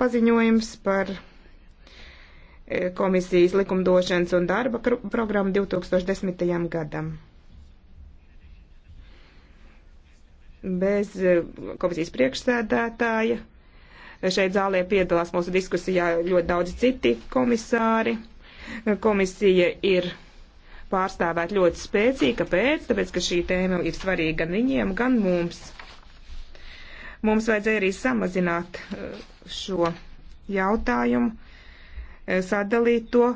paziņojums par e, komisijas likumdošanas un darba programmu 2010. gadam. Bez e, komisijas priekšsēdētāja šeit zālē piedalās mūsu diskusijā ļoti daudz citi komisāri. Komisija ir pārstāvēt ļoti spēcīgi, kāpēc? Tāpēc, ka šī tēma ir svarīga gan viņiem, gan mums. Mums vajadzēja arī samazināt eh, šo jautājumu, eh, sadalīt to,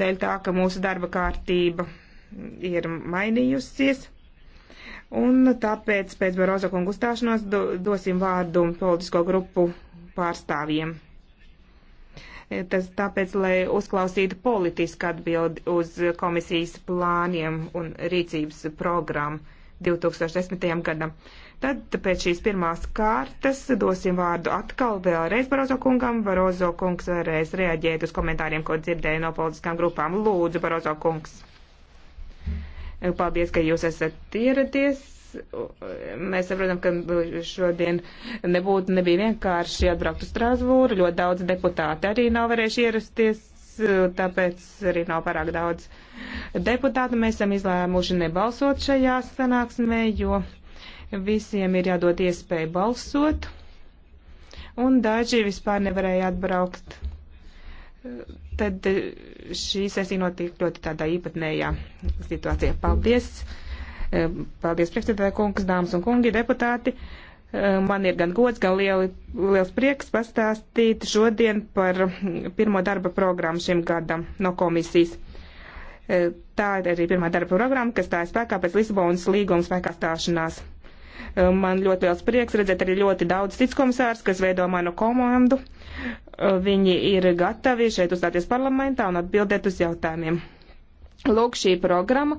dēļ tā, ka mūsu darba kārtība ir mainījusies. Un tāpēc pēc Barozo kungu uzstāšanos do, dosim vārdu politisko grupu pārstāvjiem. Eh, tas tāpēc, lai uzklausītu politisku atbildi uz komisijas plāniem un rīcības programmu 2010. gadam. Tad pēc šīs pirmās kārtas dosim vārdu atkal vēlreiz Barozo kungam. Barozo kungs vēlreiz reaģēt uz komentāriem, ko dzirdēja no politiskām grupām. Lūdzu, Barozo kungs. Paldies, ka jūs esat ieradies. Mēs saprotam, ka šodien nebūtu, nebija vienkārši atbraukt uz Strasbūru. Ļoti daudz deputāti arī nav varējuši ierasties tāpēc arī nav pārāk daudz deputātu. Mēs esam izlēmuši nebalsot šajā sanāksmē, jo Visiem ir jādod iespēja balsot, un daži vispār nevarēja atbraukt. Tad eh, šī sesija notiek ļoti tādā īpatnējā situācijā. Paldies! Eh, paldies, priekšstādātāja kungs, dāmas un kungi, deputāti! Eh, man ir gan gods, gan lieli, liels prieks pastāstīt šodien par pirmo darba programmu šim gadam no komisijas. Tā ir arī pirmā darba programma, kas tā ir spēkā pēc Lisabonas līguma spēkā stāšanās. Um, man ļoti liels prieks redzēt arī ļoti daudz cits komisārs, kas veido manu komandu. Uh, viņi ir gatavi šeit uzstāties parlamentā un atbildēt uz jautājumiem. Lūk, šī programma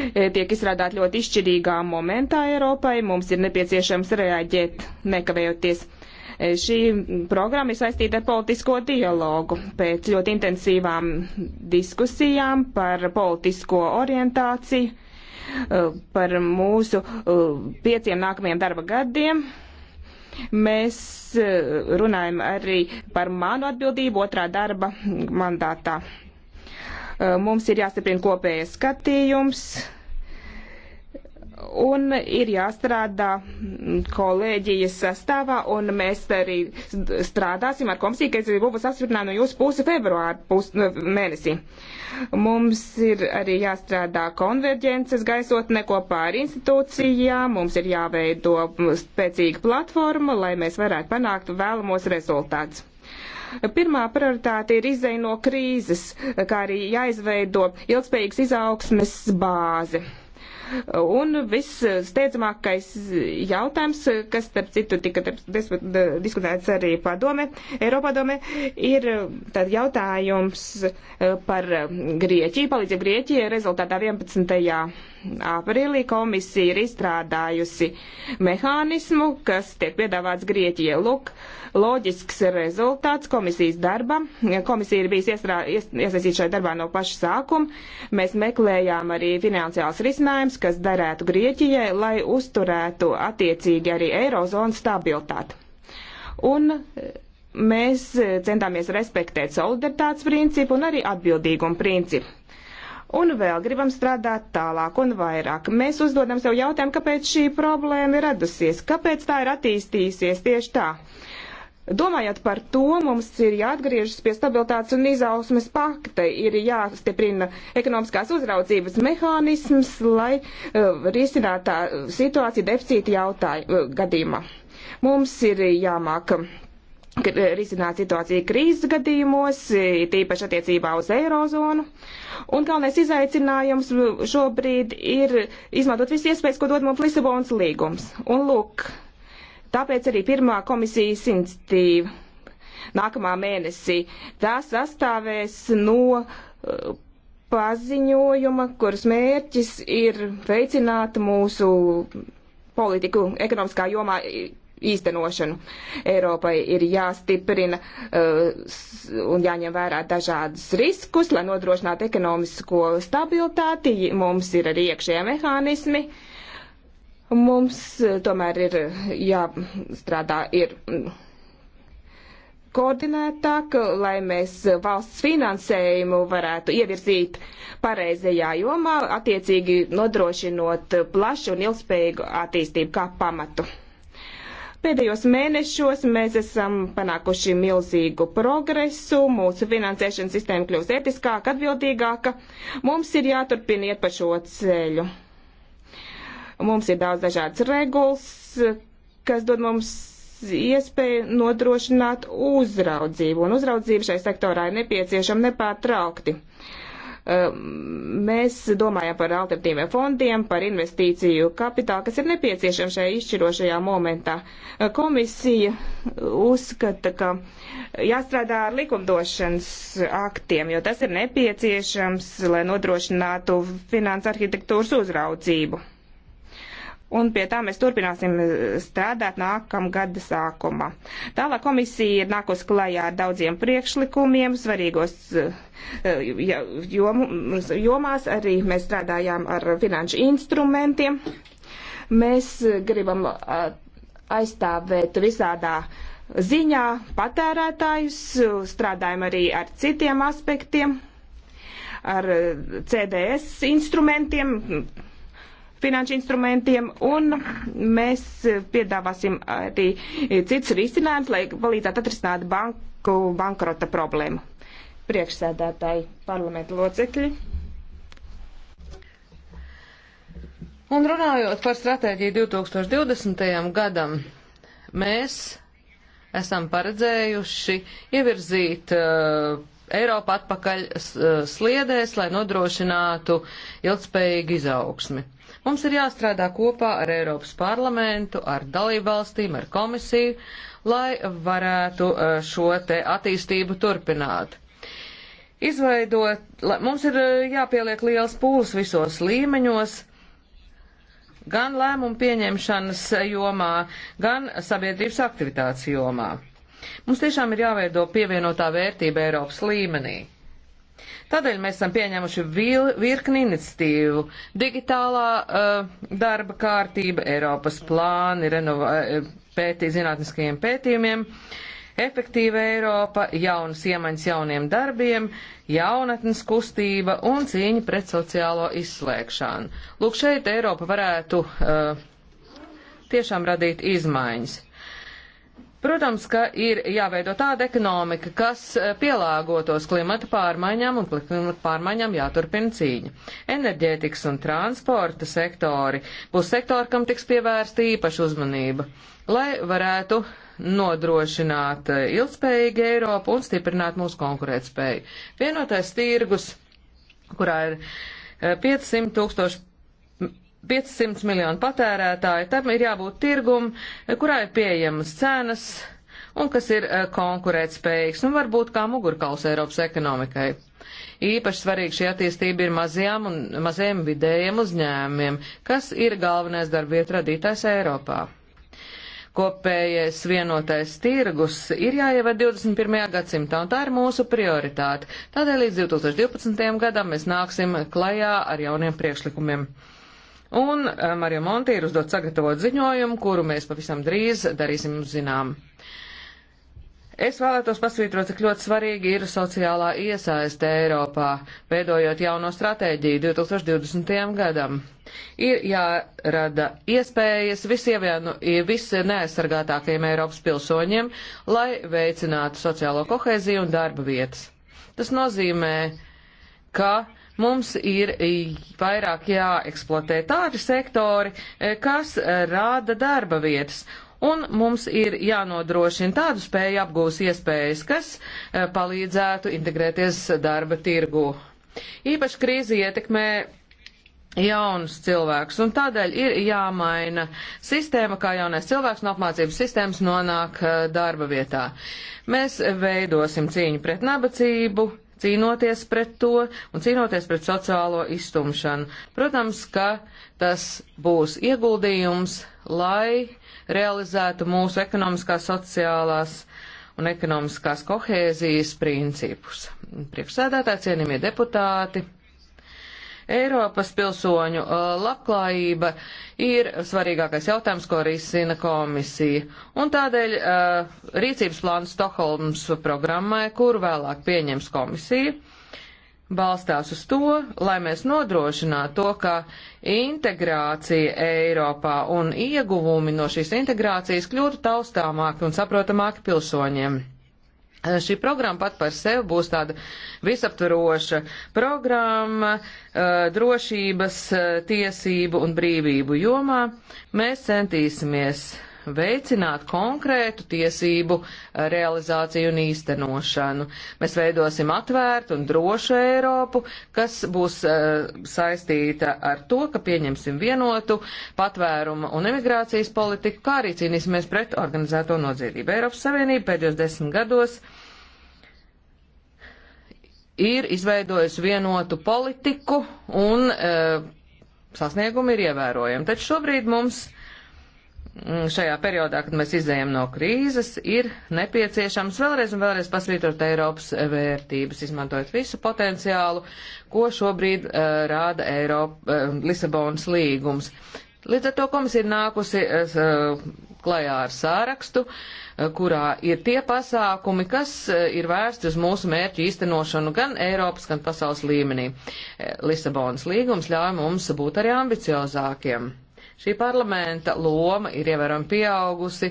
eh, tiek izstrādāta ļoti izšķirīgā momentā Eiropai. Mums ir nepieciešams reaģēt nekavējoties eh, šī programma ir saistīta ar politisko dialogu. Pēc ļoti intensīvām diskusijām par politisko orientāciju Eh, par mūsu eh, pieciem nākamajiem darba gadiem. Mēs eh, runājam arī par manu atbildību otrā darba mandātā. Mums ir jāstiprina kopējais skatījums un ir jāstrādā kolēģijas sastāvā, un mēs arī strādāsim ar komisiju, kas būs apstiprināta no jūsu pusi februāra pus, mēnesī. Mums ir arī jāstrādā konverģences gaisotne kopā ar institūcijām, mums ir jāveido spēcīga platforma, lai mēs varētu panākt vēlamos rezultātus. Pirmā prioritāte ir izēj no krīzes, kā arī jāizveido ilgspējīgas izaugsmes bāzi Un viss steidzamākais jautājums, kas, starp citu, tika diskutēts arī padome, Eiropadome, ir uh, tad jautājums uh, par uh, Grieķiju, palīdzību Grieķijai rezultātā 11 aprīlī komisija ir izstrādājusi mehānismu, kas tiek piedāvāts Grieķijai. Lūk, loģisks rezultāts komisijas darbam. Komisija ir bijusi iesaistīta šajā darbā no paša sākuma. Mēs meklējām arī finansiāls risinājums, kas derētu Grieķijai, lai uzturētu attiecīgi arī eirozonu stabilitāti. Un eh, mēs eh, centāmies respektēt solidaritātes principu un arī atbildīgumu principu un vēl gribam strādāt tālāk un vairāk. Mēs uzdodam sev jautājumu, kāpēc šī problēma ir radusies, kāpēc tā ir attīstījusies tieši tā. Domājot par to, mums ir jāatgriežas pie stabilitātes un izausmes pakta, ir jāstiprina ekonomiskās uzraudzības mehānisms, lai uh, risinātu tā situācija deficīta jautāju, uh, gadījumā. Mums ir jāmāk. Uh, E, risināt situāciju krīzes gadījumos, e, tīpaši attiecībā uz eirozonu. Un galvenais izaicinājums šobrīd ir izmantot visu iespējas, ko dod mums Lisabonas līgums. Un lūk, tāpēc arī pirmā komisijas institīva nākamā mēnesī. Tā sastāvēs no uh, paziņojuma, kuras mērķis ir veicināt mūsu politiku ekonomiskā jomā īstenošanu. Eiropai ir jāstiprina uh, un jāņem vērā dažādus riskus, lai nodrošinātu ekonomisko stabilitāti. Mums ir arī iekšējie mehānismi. Mums uh, tomēr ir uh, jāstrādā ir mm, koordinētāk, lai mēs valsts finansējumu varētu ievirzīt pareizajā jomā, attiecīgi nodrošinot plašu un ilgspējīgu attīstību kā pamatu. Pēdējos mēnešos mēs esam panākuši milzīgu progresu, mūsu finansēšanas sistēma kļūst etiskāka, atbildīgāka. Mums ir jāturpina iet pa šo ceļu. Mums ir daudz dažādas regulas, kas dod mums iespēju nodrošināt uzraudzību, un uzraudzība šai sektorā ir nepieciešama nepārtraukti. Ehm, mēs domājam par alternatīviem fondiem, par investīciju kapitālu, kas ir nepieciešams šajā izšķirošajā momentā. Ehm, komisija uzskata, ka jāstrādā ar likumdošanas aktiem, jo tas ir nepieciešams, lai nodrošinātu finansu arhitektūras uzraudzību un pie tā mēs turpināsim eh, strādāt nākamgada sākumā. Tālāk komisija ir nākus klajā ar daudziem priekšlikumiem, svarīgos eh, jom, jomās arī mēs strādājām ar finanšu instrumentiem. Mēs eh, gribam aizstāvēt visādā ziņā patērētājus, strādājam arī ar citiem aspektiem, ar CDS instrumentiem, finanšu instrumentiem, un mēs piedāvāsim arī cits risinājums, lai palīdzētu atrisināt banku bankrota problēmu. Priekšsēdētāji, parlamenta locekļi. Un runājot par stratēģiju 2020. gadam, mēs esam paredzējuši ievirzīt uh, Eiropu atpakaļ eh, sliedēs, lai nodrošinātu ilgspējīgu izaugsmi. Mums ir jāstrādā kopā ar Eiropas parlamentu, ar dalībvalstīm, ar komisiju, lai varētu e, šo te attīstību turpināt. Izveidot, lai, mums ir e, jāpieliek liels pūls visos līmeņos, gan lēmumu pieņemšanas jomā, gan sabiedrības aktivitātes jomā. Mums tiešām ir jāveido pievienotā vērtība Eiropas līmenī. Tādēļ mēs esam pieņēmuši vil, virkni iniciatīvu - digitālā uh, darba kārtība, Eiropas plāni, renova, eh, pētī, zinātniskajiem pētījumiem, efektīva Eiropa, jaunas iemaņas jauniem darbiem, jaunatnes kustība un cīņa pret sociālo izslēgšanu. Lūk, šeit Eiropa varētu uh, tiešām radīt izmaiņas. Protams, ka ir jāveido tāda ekonomika, kas eh, pielāgotos klimata pārmaiņām un klimata pārmaiņām jāturpina cīņa. Enerģētikas un transporta sektori būs sektori, kam tiks pievērsta īpaša uzmanība, lai varētu nodrošināt eh, ilgspējīgu Eiropu un stiprināt mūsu konkurētspēju. Vienotais tirgus, kurā ir 500 eh, tūkstoši 500 miljonu patērētāju, tam ir jābūt tirgum, kurā ir pieejamas cenas un kas ir eh, konkurētspējīgs un varbūt kā mugurkauls Eiropas ekonomikai. Īpaši svarīgi šī attīstība ir mazajām un mazajiem vidējiem uzņēmumiem, kas ir galvenais darbvietu radītājs Eiropā. Kopējais vienotais tirgus ir jāievada 21. gadsimtā, un tā ir mūsu prioritāte. Tādēļ līdz 2012. gadam mēs nāksim klajā ar jauniem priekšlikumiem. Un eh, Mario Monti ir uzdot sagatavot ziņojumu, kuru mēs pavisam drīz darīsim zinām. Es vēlētos pasvītrot, cik ļoti svarīgi ir sociālā iesaiste Eiropā, veidojot jauno stratēģiju 2020. gadam. Ir jārada iespējas visienu, visneaizsargātākajiem Eiropas pilsoņiem, lai veicinātu sociālo kohēziju un darba vietas. Tas nozīmē, ka uh, Mums ir e, vairāk jāeksploatē tādi sektori, e, kas e, rāda darba vietas un mums ir jānodrošina tādu spēju apgūs iespējas, kas palīdzētu integrēties darba tirgu. Īpaši krīze ietekmē jaunus cilvēkus, un tādēļ ir jāmaina sistēma, kā jaunais cilvēks no apmācības sistēmas nonāk darba vietā. Mēs veidosim cīņu pret nabadzību, cīnoties pret to un cīnoties pret sociālo iztumšanu. Protams, ka tas būs ieguldījums, lai realizētu mūsu ekonomiskās, sociālās un ekonomiskās kohēzijas principus. Priekšsēdētāji, cienījamie deputāti! Eiropas pilsoņu uh, labklājība ir svarīgākais jautājums, ko risina komisija. Un tādēļ uh, rīcības plāns Stokholmas programmai, kuru vēlāk pieņems komisija, balstās uz to, lai mēs nodrošinātu to, ka integrācija Eiropā un ieguvumi no šīs integrācijas kļūtu taustāmāki un saprotamāki pilsoņiem. Šī programma pat par sevi būs tāda visaptvaroša programma drošības, tiesību un brīvību jomā. Mēs centīsimies veicināt konkrētu tiesību eh, realizāciju un īstenošanu. Mēs veidosim atvērtu un drošu Eiropu, kas būs uh, saistīta ar to, ka pieņemsim vienotu patvēruma un emigrācijas politiku, kā arī cīnīsimies pret organizēto nodziedību. Eiropas Savienība pēdējos desmit gados ir izveidojusi vienotu politiku un uh, eh, sasniegumi ir ievērojami. Taču šobrīd mums uh, Mm, šajā periodā, kad mēs izējām no krīzes, ir nepieciešams vēlreiz un vēlreiz pasvītrot Eiropas vērtības, izmantojot visu potenciālu, ko šobrīd uh, rāda Eiropa, uh, Lisabonas līgums. Līdz ar to komisija ir nākusi uh, klajā ar sārakstu, uh, kurā ir tie pasākumi, kas uh, ir vērsti uz mūsu mērķu īstenošanu gan Eiropas, gan pasaules līmenī. Lisabonas līgums ļauj mums būt arī ambiciozākiem Šī parlamenta loma ir ievērojami pieaugusi,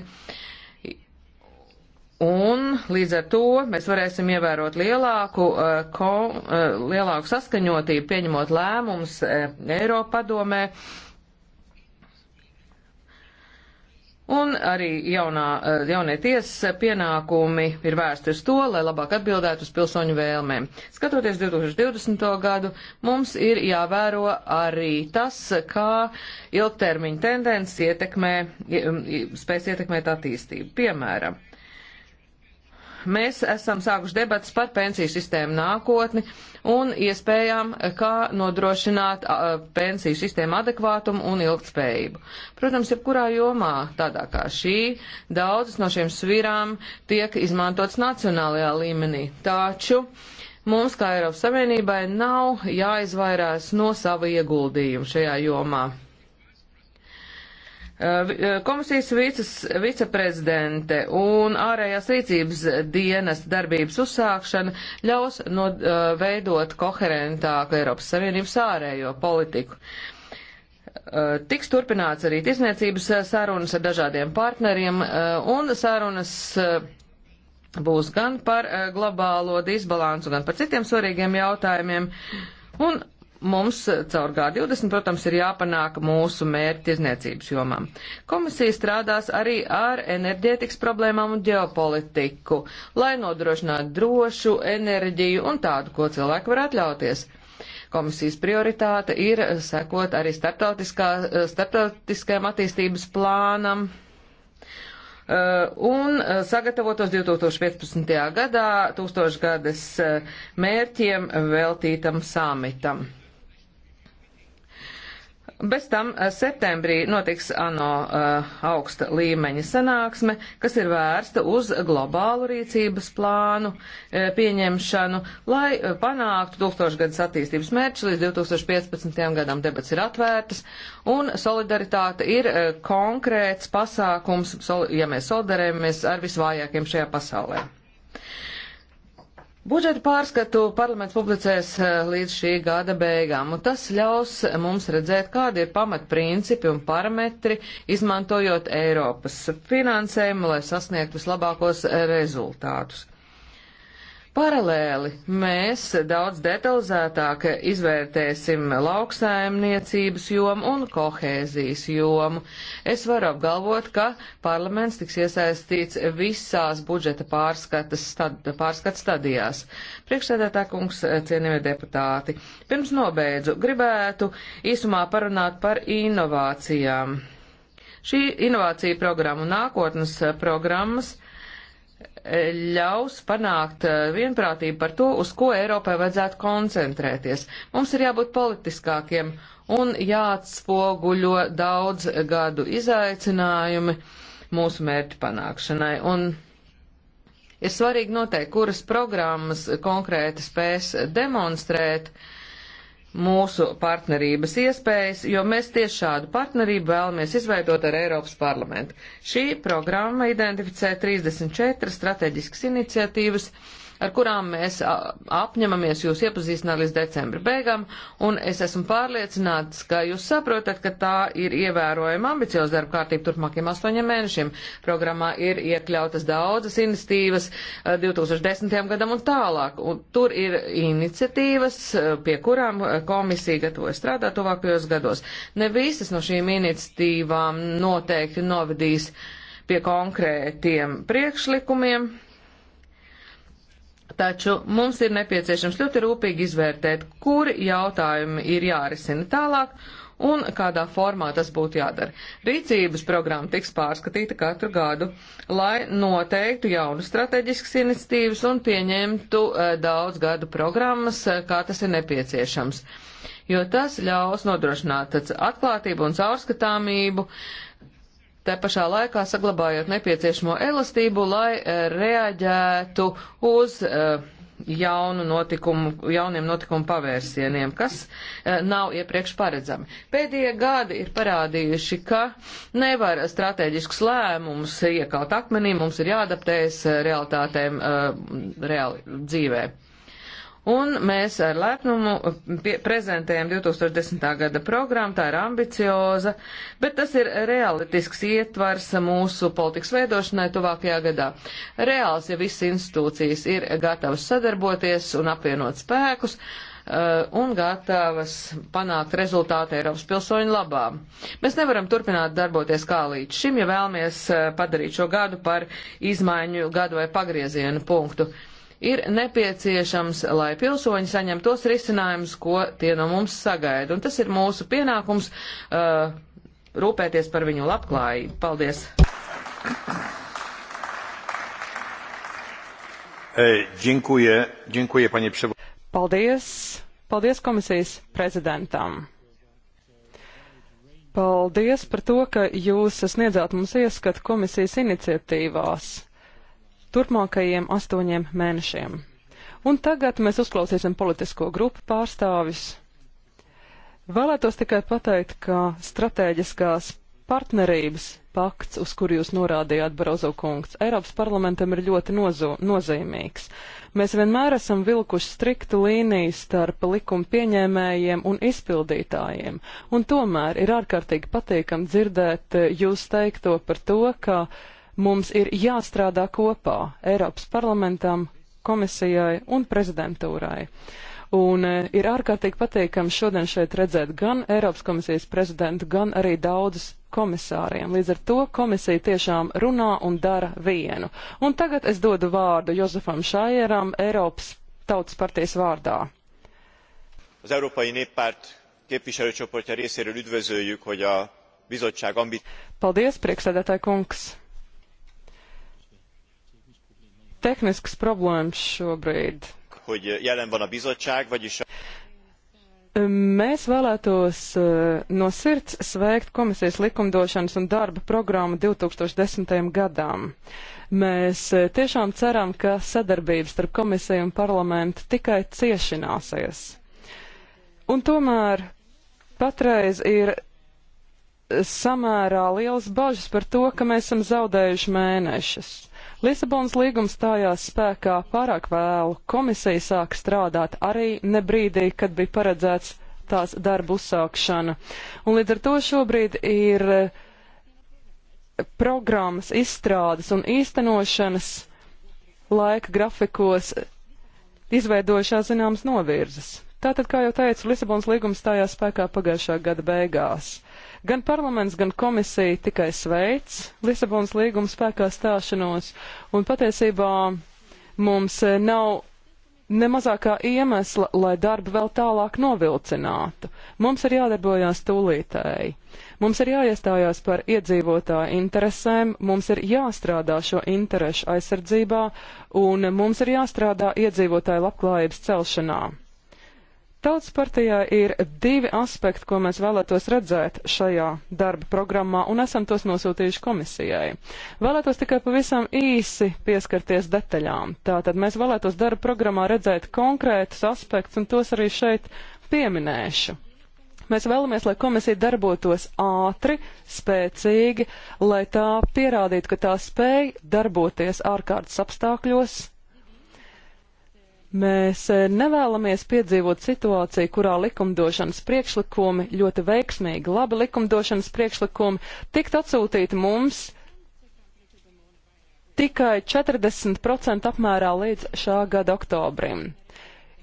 un līdz ar to mēs varēsim ievērot lielāku, uh, ko, uh, lielāku saskaņotību, pieņemot lēmumus uh, eh, Eiropa padomē Un arī jaunā, eh, jaunie tiesas pienākumi ir vērsti uz to, lai labāk atbildētu uz pilsoņu vēlmēm. Skatoties 2020. gadu, mums ir jāvēro arī tas, kā ilgtermiņa tendence ietekmē, spēs ietekmēt attīstību. Piemēram, mēs esam sākuši debats par pensiju sistēmu nākotni un iespējām, kā nodrošināt pensiju sistēmu adekvātumu un ilgtspējību. Protams, jebkurā jomā, tādā kā šī, daudzas no šiem svirām tiek izmantotas nacionālajā līmenī. Taču mums, kā Eiropas Savienībai, nav jāizvairās no sava ieguldījuma šajā jomā. Eh, eh, komisijas vices, viceprezidente un ārējās rīcības dienas darbības uzsākšana ļaus no, eh, veidot koherentāku Eiropas Savienības ārējo politiku. Tiks turpināts arī tirsniecības sarunas ar dažādiem partneriem un sarunas būs gan par globālo disbalansu, gan par citiem svarīgiem jautājumiem. Un Mums caur G20, protams, ir jāpanāk mūsu mērķi tirzniecības jomām. Komisija strādās arī ar enerģētikas problēmām un ģeopolitiku, lai nodrošinātu drošu enerģiju un tādu, ko cilvēki var atļauties. Komisijas prioritāte ir sekot arī starptautiskajam attīstības plānam uh, un uh, sagatavotos 2015. gadā tūstošgades uh, mērķiem veltītam samitam. Bez tam eh, septembrī notiks eh, ANO uh, augsta līmeņa sanāksme, kas ir vērsta uz globālu rīcības plānu uh, pieņemšanu, lai uh, panāktu tūkstošgadus attīstības mērķus līdz 2015. gadam debats ir atvērtas, un solidaritāte ir konkrēts pasākums, soli, ja mēs solidarējamies ar visvājākiem šajā pasaulē. Budžeta pārskatu parlaments publicēs eh, līdz šī gada beigām, un tas ļaus mums redzēt, kādi ir pamatprincipi un parametri, izmantojot Eiropas finansējumu, lai sasniegtu vislabākos eh, rezultātus. Paralēli mēs daudz detalizētāk izvērtēsim lauksaimniecības jomu un kohēzijas jomu. Es varu apgalvot, ka parlaments tiks iesaistīts visās budžeta pārskatas, stad, pārskatas stadijās. Priekšsēdētā kungs, cienījamie deputāti, pirms nobeidzu gribētu īsumā parunāt par inovācijām. Šī inovācija programma un nākotnes programmas ļaus panākt eh, vienprātību par to, uz ko Eiropai vajadzētu koncentrēties. Mums ir jābūt politiskākiem un jāatspoguļo daudz gadu izaicinājumi mūsu mērķu panākšanai. Un ir svarīgi noteikt, kuras programmas konkrēti spēs demonstrēt uh, mūsu partnerības iespējas, jo mēs tieši šādu partnerību vēlamies izveidot ar Eiropas parlamentu. Šī programma identificē 34 strateģiskas iniciatīvas, ar kurām mēs apņemamies jūs iepazīstināt līdz decembra beigam, un es esmu pārliecināts, ka jūs saprotat, ka tā ir ievērojama ambicioza darba kārtība turpmākiem astoņiem mēnešiem. Programmā ir iekļautas daudzas inicitīvas 2010. gadam un tālāk, un tur ir iniciatīvas, pie kurām komisija gatavoja strādāt tuvākajos gados. Ne visas no šīm iniciatīvām noteikti novedīs pie konkrētiem priekšlikumiem, Taču mums ir nepieciešams ļoti rūpīgi izvērtēt, kuri jautājumi ir jārisina tālāk un kādā formā tas būtu jādara. Rīcības programma tiks pārskatīta katru gadu, lai noteiktu jaunu strateģiskas iniciatīvas un pieņemtu uh, daudz gadu programmas, uh, kā tas ir nepieciešams. Jo tas ļaus nodrošināt atklātību un caurskatāmību uh, te pašā laikā saglabājot nepieciešamo elastību, lai eh, reaģētu uz eh, jaunu notikumu, jauniem notikumu pavērsieniem, kas eh, nav iepriekš paredzami. Pēdējie gadi ir parādījuši, ka nevar strateģiskus lēmumus iekalt akmenī, mums ir jāadaptējas realitātēm reāli dzīvē. Un mēs ar lepnumu eh, prezentējam 2010. gada programmu, tā ir ambicioza, bet tas ir realitisks ietvars mūsu politikas veidošanai tuvākajā gadā. Reāls, ja visas institūcijas ir gatavas sadarboties un apvienot spēkus uh, un gatavas panākt rezultātu Eiropas pilsoņu labā. Mēs nevaram turpināt darboties kā līdz šim, ja vēlamies eh, padarīt šo gadu par izmaiņu gadu vai pagriezienu punktu. Uh, ir nepieciešams, lai pilsoņi saņem tos risinājumus, ko tie no mums sagaida. Un tas ir mūsu pienākums uh, rūpēties par viņu labklājību. Paldies! E, dziękuję, dziękuję, panie Paldies! Paldies komisijas prezidentam! Paldies par to, ka jūs sniedzāt mums ieskatu komisijas iniciatīvās turpmākajiem astoņiem mēnešiem. Un tagad mēs uzklausīsim politisko grupu pārstāvis. Vēlētos tikai pateikt, ka stratēģiskās partnerības pakts, uz kuru jūs norādījāt, Barozo kungs, Eiropas parlamentam ir ļoti nozo, nozīmīgs. Mēs vienmēr esam vilkuši striktu līniju starp likuma pieņēmējiem un izpildītājiem, un tomēr ir ārkārtīgi patīkam dzirdēt jūs teikto par to, ka uh, Mums ir jāstrādā kopā Eiropas parlamentam, komisijai un prezidentūrai. Un e, ir ārkārtīgi patīkami šodien šeit redzēt gan Eiropas komisijas prezidentu, gan arī daudzus komisāriem. Līdz ar to komisija tiešām runā un dara vienu. Un tagad es dodu vārdu Jozefam Šajeram Eiropas Tautas partijas vārdā. Az Európai Néppárt képviselőcsoportja részéről üdvözöljük, hogy a bizottság ambit... Paldies, priekšsēdētāji kungs! tehniskas problēmas šobrīd. Eh, mēs vēlētos eh, no sirds sveikt komisijas likumdošanas un darba programmu 2010. gadām. Mēs eh, tiešām ceram, ka sadarbības starp komisiju un parlamentu tikai ciešināsies. Un tomēr patreiz ir samērā liels bažas par to, ka mēs esam zaudējuši mēnešus. Lisabonas līgums stājās spēkā pārāk vēlu. Komisija sāk strādāt arī ne brīdī, kad bija paredzēts tās darbu uzsākšana. Un līdz ar to šobrīd ir eh, programmas izstrādes un īstenošanas laika grafikos izveidojušās zināmas novirzes. Tātad, kā jau teicu, Lisabonas līgums stājās spēkā pagājušā gada beigās. Gan parlaments, gan komisija tikai sveic Lisabonas līguma spēkā stāšanos, un patiesībā mums nav nemazākā iemesla, lai darbu vēl tālāk novilcinātu. Mums ir jādarbojās tūlītēji. Mums ir jāiestājās par iedzīvotāju interesēm, mums ir jāstrādā šo interešu aizsardzībā, un mums ir jāstrādā iedzīvotāju labklājības celšanā. Tautas partijā ir divi aspekti, ko mēs vēlētos redzēt šajā darba programmā, un esam tos nosūtījuši komisijai. Vēlētos tikai pavisam īsi pieskarties detaļām. Tātad mēs vēlētos darba programmā redzēt konkrētus aspektus, un tos arī šeit pieminēšu. Mēs vēlamies, lai komisija darbotos ātri, spēcīgi, lai tā pierādītu, ka tā spēj darboties ārkārtas apstākļos, Mēs eh, nevēlamies piedzīvot situāciju, kurā likumdošanas priekšlikumi, ļoti veiksmīgi labi likumdošanas priekšlikumi, tikt atsūtīti mums tikai 40% apmērā līdz šā gada oktobrim.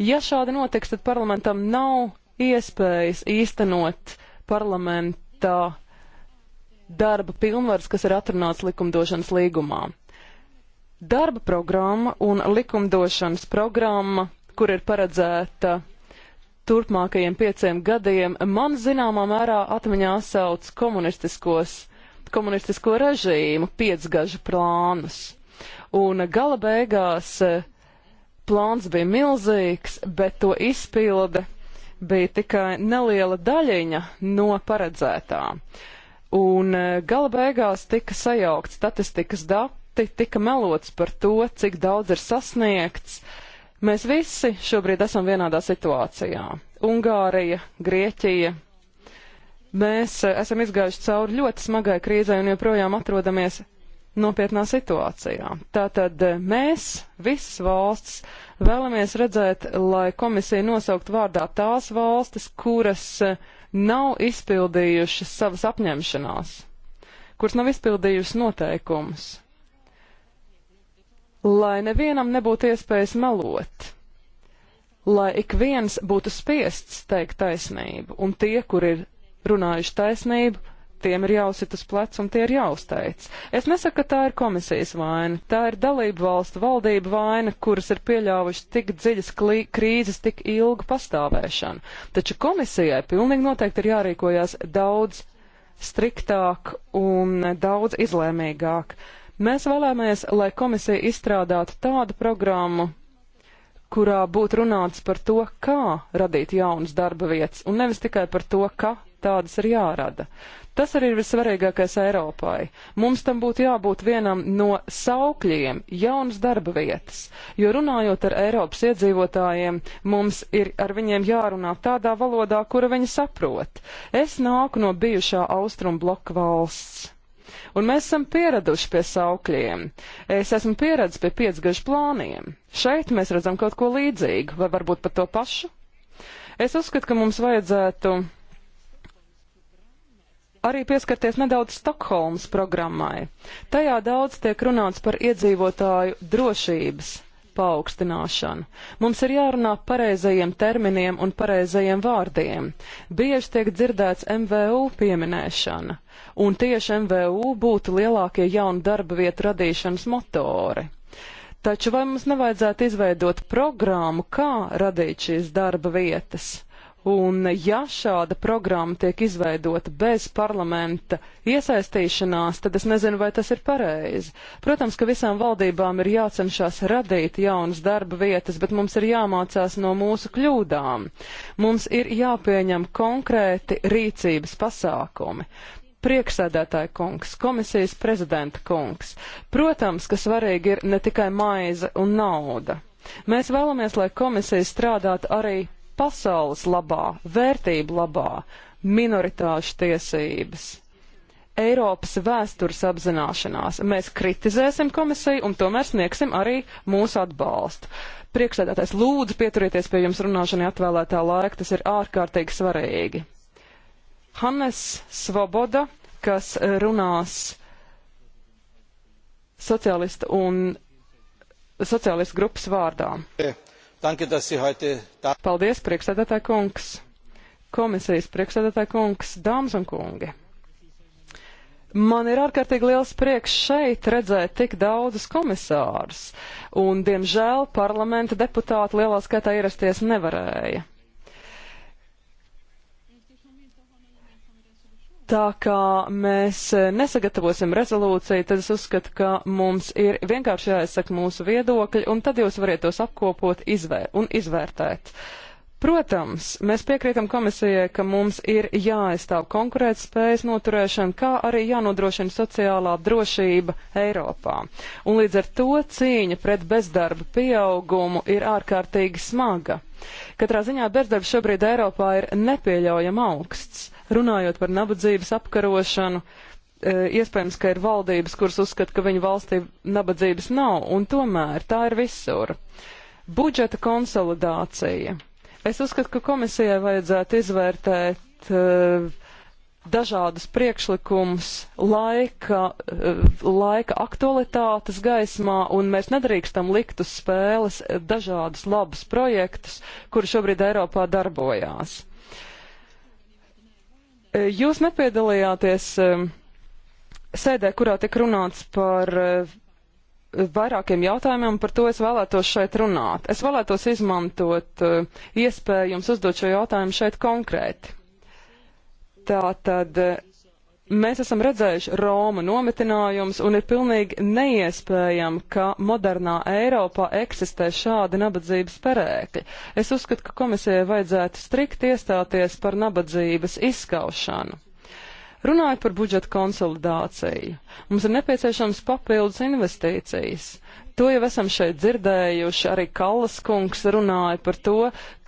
Ja šādi notiks, tad parlamentam nav iespējas īstenot parlamentā darba pilnvaras, kas ir atrunāts likumdošanas līgumā. Darba programma un likumdošanas programma, kur ir paredzēta turpmākajiem pieciem gadiem, man zināmā mērā atmiņā sauc komunistiskos, komunistisko režīmu piecgažu plānus. Un gala beigās e, plāns bija milzīgs, bet to izpilde bija tikai neliela daļiņa no paredzētā. Un e, gala beigās tika sajaukt statistikas dati nereti tika melots par to, cik daudz ir sasniegts. Mēs visi šobrīd esam vienādā situācijā. Ungārija, Grieķija. Mēs eh, esam izgājuši cauri ļoti smagai krīzai un joprojām atrodamies nopietnā situācijā. Tātad eh, mēs, visas valsts, vēlamies redzēt, lai komisija nosaukt vārdā tās valstis, kuras eh, nav izpildījušas savas apņemšanās, kuras nav izpildījušas noteikumus lai nevienam nebūtu iespējas melot, lai ik viens būtu spiests teikt taisnību, un tie, kur ir runājuši taisnību, tiem ir jāuzsit uz pleca un tie ir jāuzteic. Es nesaku, ka tā ir komisijas vaina, tā ir dalību valstu valdība vaina, kuras ir pieļāvuši tik dziļas krīzes, tik ilgu pastāvēšanu. Taču komisijai pilnīgi noteikti ir jārīkojās daudz striktāk un daudz izlēmīgāk. Mēs vēlamies, lai komisija izstrādātu tādu programmu, kurā būtu runāts par to, kā radīt jaunas darba vietas, un nevis tikai par to, ka tādas ir jārada. Tas arī ir vissvarīgākais Eiropai. Mums tam būtu jābūt vienam no saukļiem - jaunas darba vietas, jo runājot ar Eiropas iedzīvotājiem, mums ir ar viņiem jārunā tādā valodā, kura viņi saprot. Es nāku no bijušā austrumbloka valsts Un mēs esam pieraduši pie saukļiem. Es esmu pieradis pie piecgažu plāniem. Šeit mēs redzam kaut ko līdzīgu, vai varbūt pat to pašu. Es uzskatu, ka mums vajadzētu arī pieskarties nedaudz Stokholmas programmai. Tajā daudz tiek runāts par iedzīvotāju drošības paaugstināšanu. Mums ir jārunā pareizajiem terminiem un pareizajiem vārdiem. Bieži tiek dzirdēts MVU pieminēšana, un tieši MVU būtu lielākie jaunu darba vietu radīšanas motori. Taču vai mums nevajadzētu izveidot programmu, kā radīt šīs darba vietas? Un ja šāda programma tiek izveidota bez parlamenta iesaistīšanās, tad es nezinu, vai tas ir pareizi. Protams, ka visām valdībām ir jācenšas radīt jaunas darba vietas, bet mums ir jāmācās no mūsu kļūdām. Mums ir jāpieņem konkrēti rīcības pasākumi. Prieksēdētāja kungs, komisijas prezidenta kungs. Protams, ka svarīgi ir ne tikai maize un nauda. Mēs vēlamies, lai komisija strādātu arī pasaules labā, vērtību labā, minoritāšu tiesības. Eiropas vēstures apzināšanās. Mēs kritizēsim komisiju un tomēr sniegsim arī mūsu atbalstu. Priekšsēdētājs lūdzu pieturieties pie jums runāšanai atvēlētā laika, tas ir ārkārtīgi svarīgi. Hannes Svoboda, kas runās sociālistu un sociālistu grupas vārdā. Yeah. Danke, dass Sie heute da Paldies, priekšsēdētāja kungs, komisijas priekšsēdētāja kungs, dāmas un kungi. Man ir ārkārtīgi liels prieks šeit redzēt tik daudzus komisārus, un, diemžēl, parlamenta deputāti lielā skaitā ierasties nevarēja. Tā kā mēs eh, nesagatavosim rezolūciju, tad es uzskatu, ka mums ir vienkārši jāizsaka mūsu viedokļi, un tad jūs varat tos apkopot izvēr un izvērtēt. Protams, mēs piekrītam komisijai, ka mums ir jāaizstāv konkurētspējas noturēšana, kā arī jānodrošina sociālā drošība Eiropā. Un līdz ar to cīņa pret bezdarba pieaugumu ir ārkārtīgi smaga. Katrā ziņā bezdarbs šobrīd Eiropā ir nepieļaujama augsts. Runājot par nabadzības apkarošanu, e, iespējams, ka ir valdības, kuras uzskata, ka viņu valstī nabadzības nav, un tomēr tā ir visur. Budžeta konsolidācija. Es uzskatu, ka komisijai vajadzētu izvērtēt uh, dažādus priekšlikumus laika, uh, laika aktualitātes gaismā, un mēs nedrīkstam likt uz spēles dažādus labus projektus, kuri šobrīd Eiropā darbojās. Eh, jūs nepiedalījāties eh, sēdē, kurā tika runāts par eh, vairākiem jautājumiem, par to es vēlētos šeit runāt. Es vēlētos izmantot iespēju jums uzdot šo jautājumu šeit konkrēti. Tā tad Mēs esam redzējuši Roma nometinājumus, un ir pilnīgi neiespējami, ka modernā Eiropā eksistē šādi nabadzības perēkļi. Es uzskatu, ka komisijai vajadzētu strikt iestāties par nabadzības izskaušanu. Runājot par budžeta konsolidāciju, mums ir nepieciešams papildus investīcijas. To jau esam šeit dzirdējuši, arī Kallas kungs runāja par to,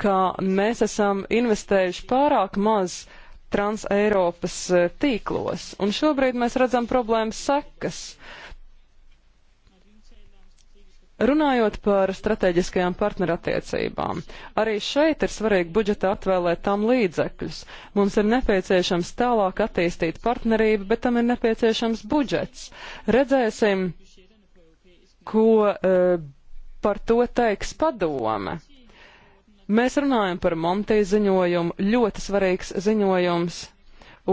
ka mēs esam investējuši pārāk maz uh, Trans-Eiropas eh, tīklos. Un šobrīd mēs redzam problēmas sekas. Runājot par strateģiskajām partnerattiecībām, arī šeit ir svarīgi budžeta atvēlēt tam līdzekļus. Mums ir nepieciešams tālāk attīstīt partnerību, bet tam ir nepieciešams budžets. Redzēsim, ko e, par to teiks padome. Mēs runājam par Montiju ziņojumu, ļoti svarīgs ziņojums.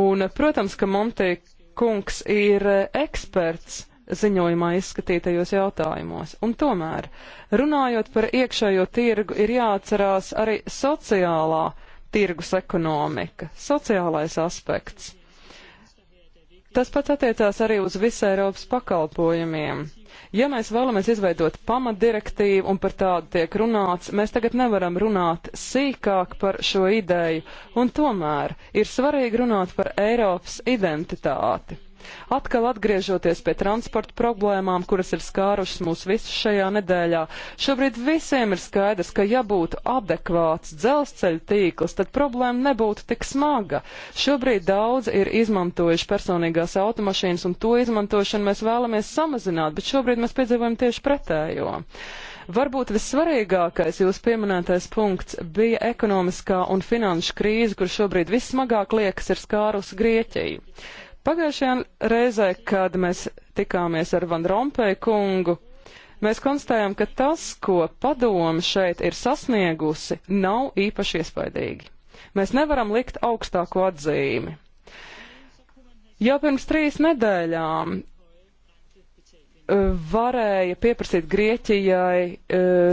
Un, protams, ka Montija kungs ir eh, eksperts ziņojumā izskatītajos jautājumos. Un tomēr, runājot par iekšējo tirgu, ir jāatcerās arī sociālā tirgus ekonomika, sociālais aspekts. Tas pats attiecās arī uz visu Eiropas pakalpojumiem. Ja mēs vēlamies izveidot pamatdirektīvu un par tādu tiek runāts, mēs tagad nevaram runāt sīkāk par šo ideju, un tomēr ir svarīgi runāt par Eiropas identitāti. Atkal atgriežoties pie transporta problēmām, kuras ir skārušas mūs visus šajā nedēļā, šobrīd visiem ir skaidrs, ka ja būtu adekvāts dzelzceļa tīkls, tad problēma nebūtu tik smaga. Šobrīd daudz ir izmantojuši personīgās automašīnas, un to izmantošanu mēs vēlamies samazināt, bet šobrīd mēs piedzīvojam tieši pretējo. Varbūt vissvarīgākais jūs pieminētais punkts bija ekonomiskā un finanšu krīze, kur šobrīd vissmagāk liekas ir skārus Grieķiju. Pagājušajā reizē, kad mēs tikāmies ar Van Rompēju kungu, mēs konstatējām, ka tas, ko padoma šeit ir sasniegusi, nav īpaši iespaidīgi. Mēs nevaram likt augstāko atzīmi. Jau pirms trīs nedēļām varēja pieprasīt Grieķijai e,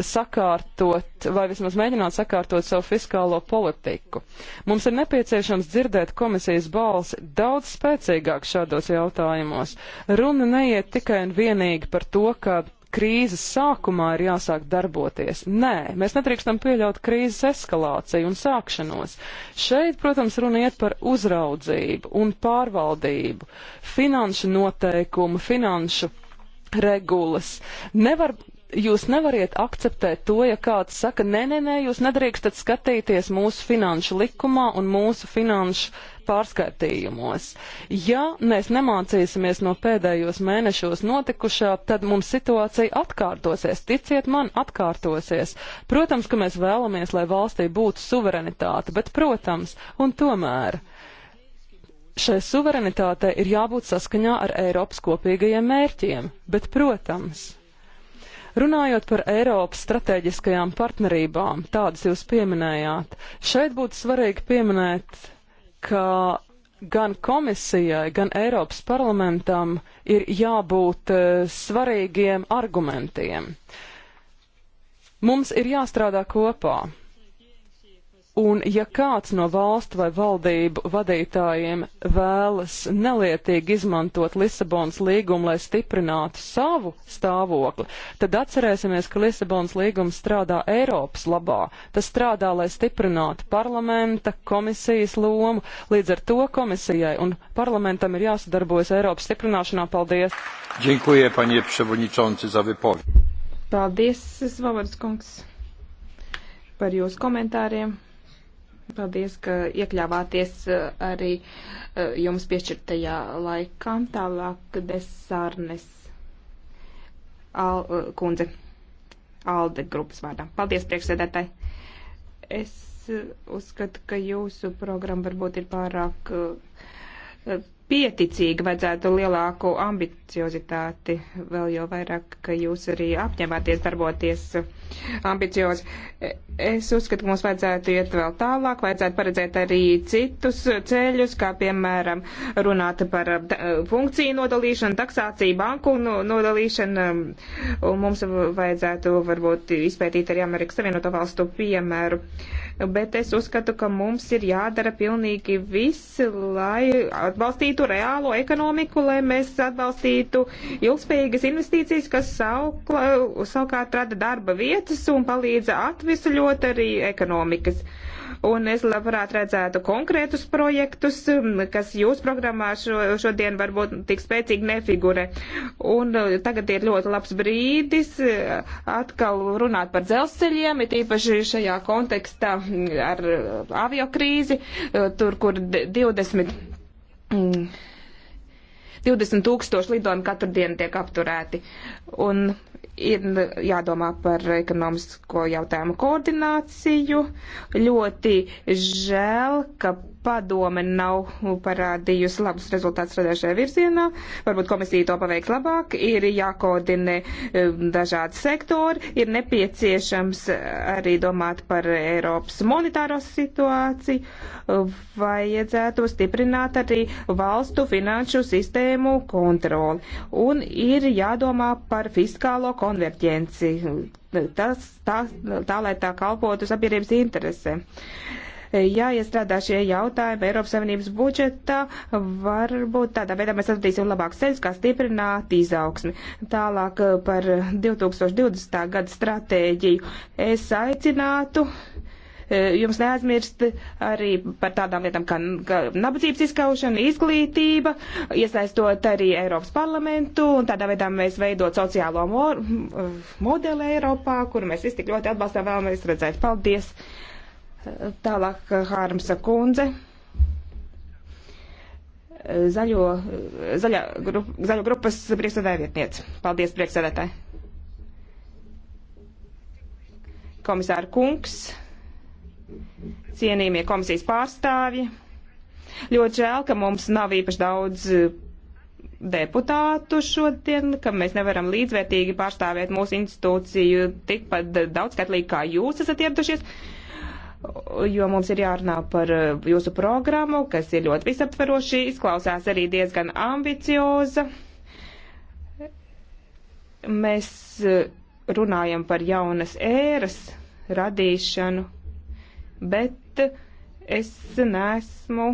sakārtot, vai vismaz mēģināt sakārtot savu fiskālo politiku. Mums ir nepieciešams dzirdēt komisijas balsi daudz spēcīgāk šādos jautājumos. Runa neiet tikai un vienīgi par to, ka krīzes sākumā ir jāsāk darboties. Nē, mēs nedrīkstam pieļaut krīzes eskalāciju un sākšanos. Šeit, protams, runa iet par uzraudzību un pārvaldību, finanšu noteikumu, finanšu regulas. Nevar jūs nevariet akceptēt to, ja kāds saka, nē, nē, nē, jūs nedrīkstat skatīties mūsu finanšu likumā un mūsu finanšu pārskaitījumos. Ja mēs nemācīsimies no pēdējos mēnešos notikušā, tad mums situācija atkārtosies, ticiet man, atkārtosies. Protams, ka mēs vēlamies, lai valstī būtu suverenitāte, bet protams, un tomēr. Šai suverenitātei ir jābūt saskaņā ar Eiropas kopīgajiem mērķiem, bet, protams, runājot par Eiropas strateģiskajām partnerībām, tādas jūs pieminējāt, šeit būtu svarīgi pieminēt, ka gan komisijai, gan Eiropas parlamentam ir jābūt uh, svarīgiem argumentiem. Mums ir jāstrādā kopā. Un ja kāds no valstu vai valdību vadītājiem vēlas nelietīgi izmantot Lisabonas līgumu, lai stiprinātu savu stāvokli, tad atcerēsimies, ka Lisabonas līgums strādā Eiropas labā. Tas strādā, lai stiprinātu parlamenta, komisijas lomu. Līdz ar to komisijai un parlamentam ir jāsadarbojas Eiropas stiprināšanā. Paldies! Dziękuję, panie przewodniczący, za wypowiedź. Paldies, Svavads kungs, par jūsu komentāriem. Paldies, ka iekļāvāties eh, arī eh, jums piešķirtajā laikā. Tālāk desārnes Al, eh, kundze Alde grupas vārdā. Paldies, priekšsēdētāji. Es uzskatu, ka jūsu programma varbūt ir pārāk pieticīgi, vajadzētu lielāku ambiciozitāti, vēl jau vairāk, ka jūs arī apņemāties darboties ambiciozi. Es uzskatu, ka mums vajadzētu iet vēl tālāk, vajadzētu paredzēt arī citus ceļus, kā piemēram runāt par funkciju nodalīšanu, taksāciju, banku nodalīšanu, un mums vajadzētu varbūt izpētīt arī Amerikas Savienoto valstu piemēru. Uh, bet es uzskatu, ka mums ir jādara pilnīgi viss, lai atbalstītu reālo ekonomiku, lai mēs atbalstītu ilgspējīgas investīcijas, kas savukārt rada darba vietas un palīdza atvesaļot arī ekonomikas un es labprāt redzētu konkrētus projektus, kas jūs programmā šo, šodien varbūt tik spēcīgi nefigure. Un e, tagad ir ļoti labs brīdis e, atkal runāt par dzelzceļiem, it īpaši šajā kontekstā ar e, aviokrīzi, tur, kur 20. 20 tūkstoši lidojumu katru dienu tiek apturēti. Un ir jādomā par ekonomisko jautājumu koordināciju. Ļoti žēl, ka padome nav parādījusi labus rezultātus radošajā virzienā. Varbūt komisija to paveiks labāk, ir jākoordinē um, dažādi sektori, ir nepieciešams uh, arī domāt par Eiropas monetāro situāciju, vajadzētu stiprināt arī valstu finanšu sistēmu kontroli. Un ir jādomā par fiskālo konverģenci. Tas, tā, tā, lai tā kalpotu sabiedrības interese. Uh, jāiestrādā šie jautājumi Eiropas Savienības budžetā. Varbūt tādā veidā mēs atradīsim labākus ceļus, kā stiprināt izaugsmi. Tālāk eh, par 2020. gada stratēģiju es aicinātu eh, jums neaizmirst arī par tādām lietām kā, kā nabadzības izskaušana, izglītība, iesaistot arī Eiropas parlamentu, un tādā veidā mēs veidot sociālo mo modeli Eiropā, kuru mēs visi tik ļoti atbalstām, vēlamies redzēt. Paldies! Tālāk eh, Hārmsa kundze. Eh, zaļo, eh, zaļā, grup, zaļo grupas priekšsēdētāja vietniece. Paldies, priekšsēdētāji. Komisāra kungs, cienījamie komisijas pārstāvji. Ļoti žēl, ka mums nav īpaši daudz deputātu šodien, ka mēs nevaram līdzvērtīgi pārstāvēt mūsu institūciju tikpat daudzskaitlīgi, kā jūs esat ieradušies jo mums ir jārunā par eh, jūsu programmu, kas ir ļoti visaptveroši, izklausās arī diezgan ambicioza. Mēs eh, runājam par jaunas ēras radīšanu, bet es nesmu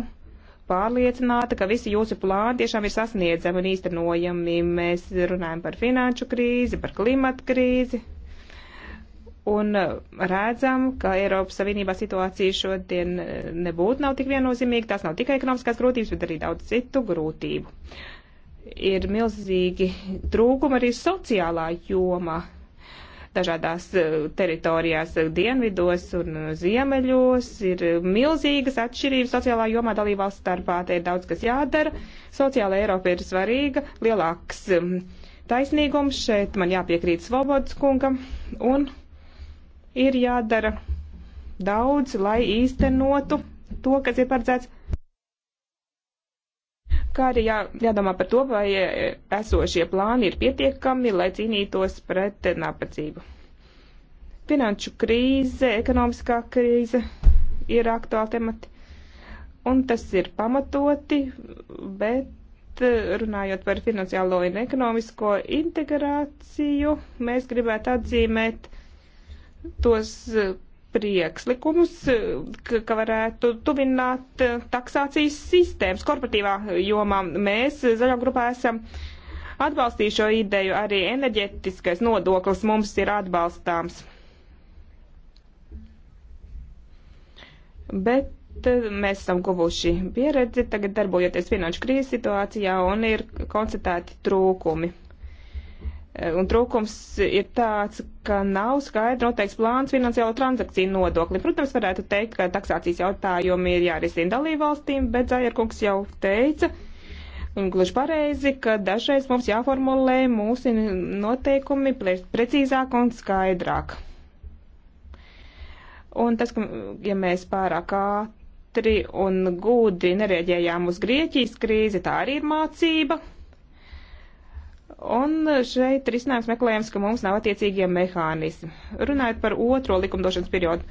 pārliecināta, ka visi jūsu plāni tiešām ir sasniedzami un īstenojami. Mēs runājam par finanšu krīzi, par klimatu krīzi, un uh, redzam, ka Eiropas Savienībā situācija šodien uh, nebūtu nav tik viennozīmīga. Tās nav tikai ekonomiskās grūtības, bet arī daudz citu grūtību. Ir milzīgi trūkumi arī sociālā jomā. Dažādās uh, teritorijās, dienvidos un ziemeļos ir milzīgas atšķirības sociālā jomā dalībvalsts starpā. Te ir daudz, kas jādara. Sociāla Eiropa ir svarīga, lielāks um, taisnīgums. Šeit man jāpiekrīt Svobodas kungam. Un ir jādara daudz, lai īstenotu to, kas ir paredzēts. Kā arī jā, jādomā par to, vai esošie plāni ir pietiekami, lai cīnītos pret nabadzību. Finanšu krīze, ekonomiskā krīze ir aktuāli temati, un tas ir pamatoti, bet eh, runājot par finansiālo un ekonomisko integrāciju, mēs gribētu atzīmēt tos eh, priekšlikumus, eh, ka varētu tuvināt eh, taksācijas sistēmas korporatīvā jomā. Mēs zaļo grupā esam atbalstījuši šo ideju, arī enerģetiskais nodoklis mums ir atbalstāms. Bet mēs esam guvuši pieredzi, tagad darbojoties finanšu krīzes situācijā un ir konstatēti trūkumi Eh, un trūkums ir tāds, ka nav skaidri noteikts plāns finansiālo transakciju nodokli. Protams, varētu teikt, ka taksācijas jautājumi ir jārisina dalībvalstīm, bet Zajerkungs jau teica, un gluži pareizi, ka dažreiz mums jāformulē mūsu noteikumi precīzāk un skaidrāk. Un tas, ka, ja mēs pārāk ātri un gudri nereaģējām uz Grieķijas krīzi, tā arī ir mācība Un šeit risinājums meklējams, ka mums nav attiecīgie mehānismi. Runājot par otro likumdošanas periodu,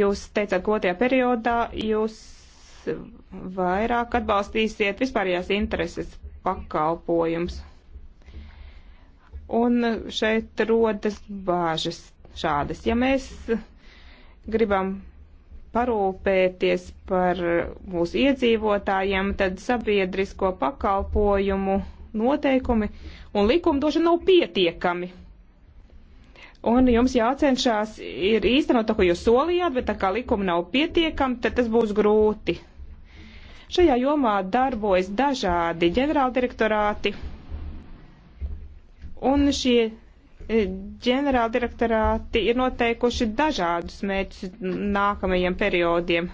jūs teicāt, ka otrajā periodā jūs vairāk atbalstīsiet vispārējās intereses pakalpojums. Un šeit rodas bāžas šādas. Ja mēs gribam parūpēties par mūsu iedzīvotājiem, tad sabiedrisko pakalpojumu noteikumi un likumdošana nav pietiekami. Un jums jācenšas ir īstenot to, ko jūs solījāt, bet tā kā likuma nav pietiekami, tad tas būs grūti. Šajā jomā darbojas dažādi ģenerāldirektorāti. Un šie e, ģenerāldirektorāti ir noteikuši dažādus mērķus nākamajiem periodiem.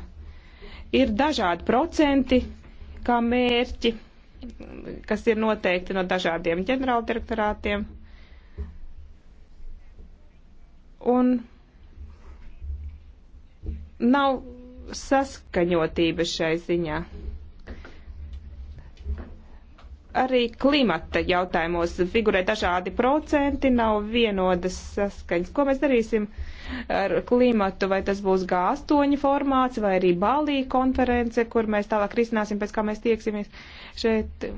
Ir dažādi procenti kā mērķi kas ir noteikti no dažādiem ģenerāldirektorātiem. Un nav saskaņotība šai ziņā arī klimata jautājumos figurē dažādi procenti, nav vienodas saskaņas. Ko mēs darīsim ar klimatu, vai tas būs G8 formāts, vai arī Balī konference, kur mēs tālāk risināsim, pēc kā mēs tieksimies. Šeit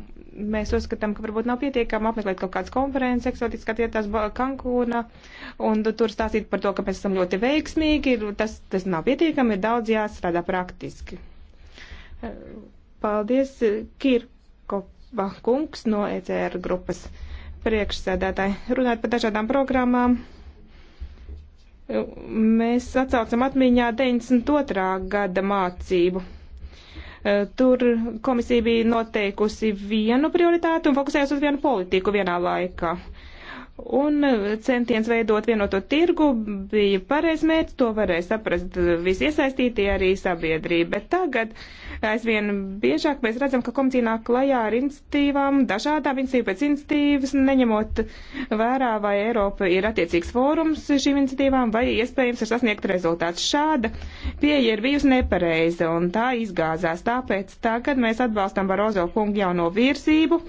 mēs uzskatām, ka varbūt nav pietiekami apmeklēt kaut kādas konferences, eksotiskā vietās Kankūna, un tur stāstīt par to, ka mēs esam ļoti veiksmīgi, tas, tas nav pietiekami, ir daudz jāstrādā praktiski. Paldies, Kirk Bakungs no ECR grupas priekšsēdētāji. Runājot par dažādām programmām, mēs atsaucam atmiņā 92. gada mācību. E, tur komisija bija noteikusi vienu prioritātu un fokusējās uz vienu politiku vienā laikā. Uh, Un centiens veidot vienoto tirgu bija pareiz mērķis, to varēja saprast visi iesaistītie arī sabiedrība. Bet tagad aizvien biežāk mēs redzam, ka komisija nāk klajā ar institīvām, dažādām institīvu pēc institīvas, neņemot vērā, vai Eiropa ir attiecīgs fórums šīm institīvām, vai iespējams ir sasniegt rezultāts. Šāda pieeja ir bijusi nepareiza un tā izgāzās. Tāpēc tagad mēs atbalstam Barozo kungu jauno virsību.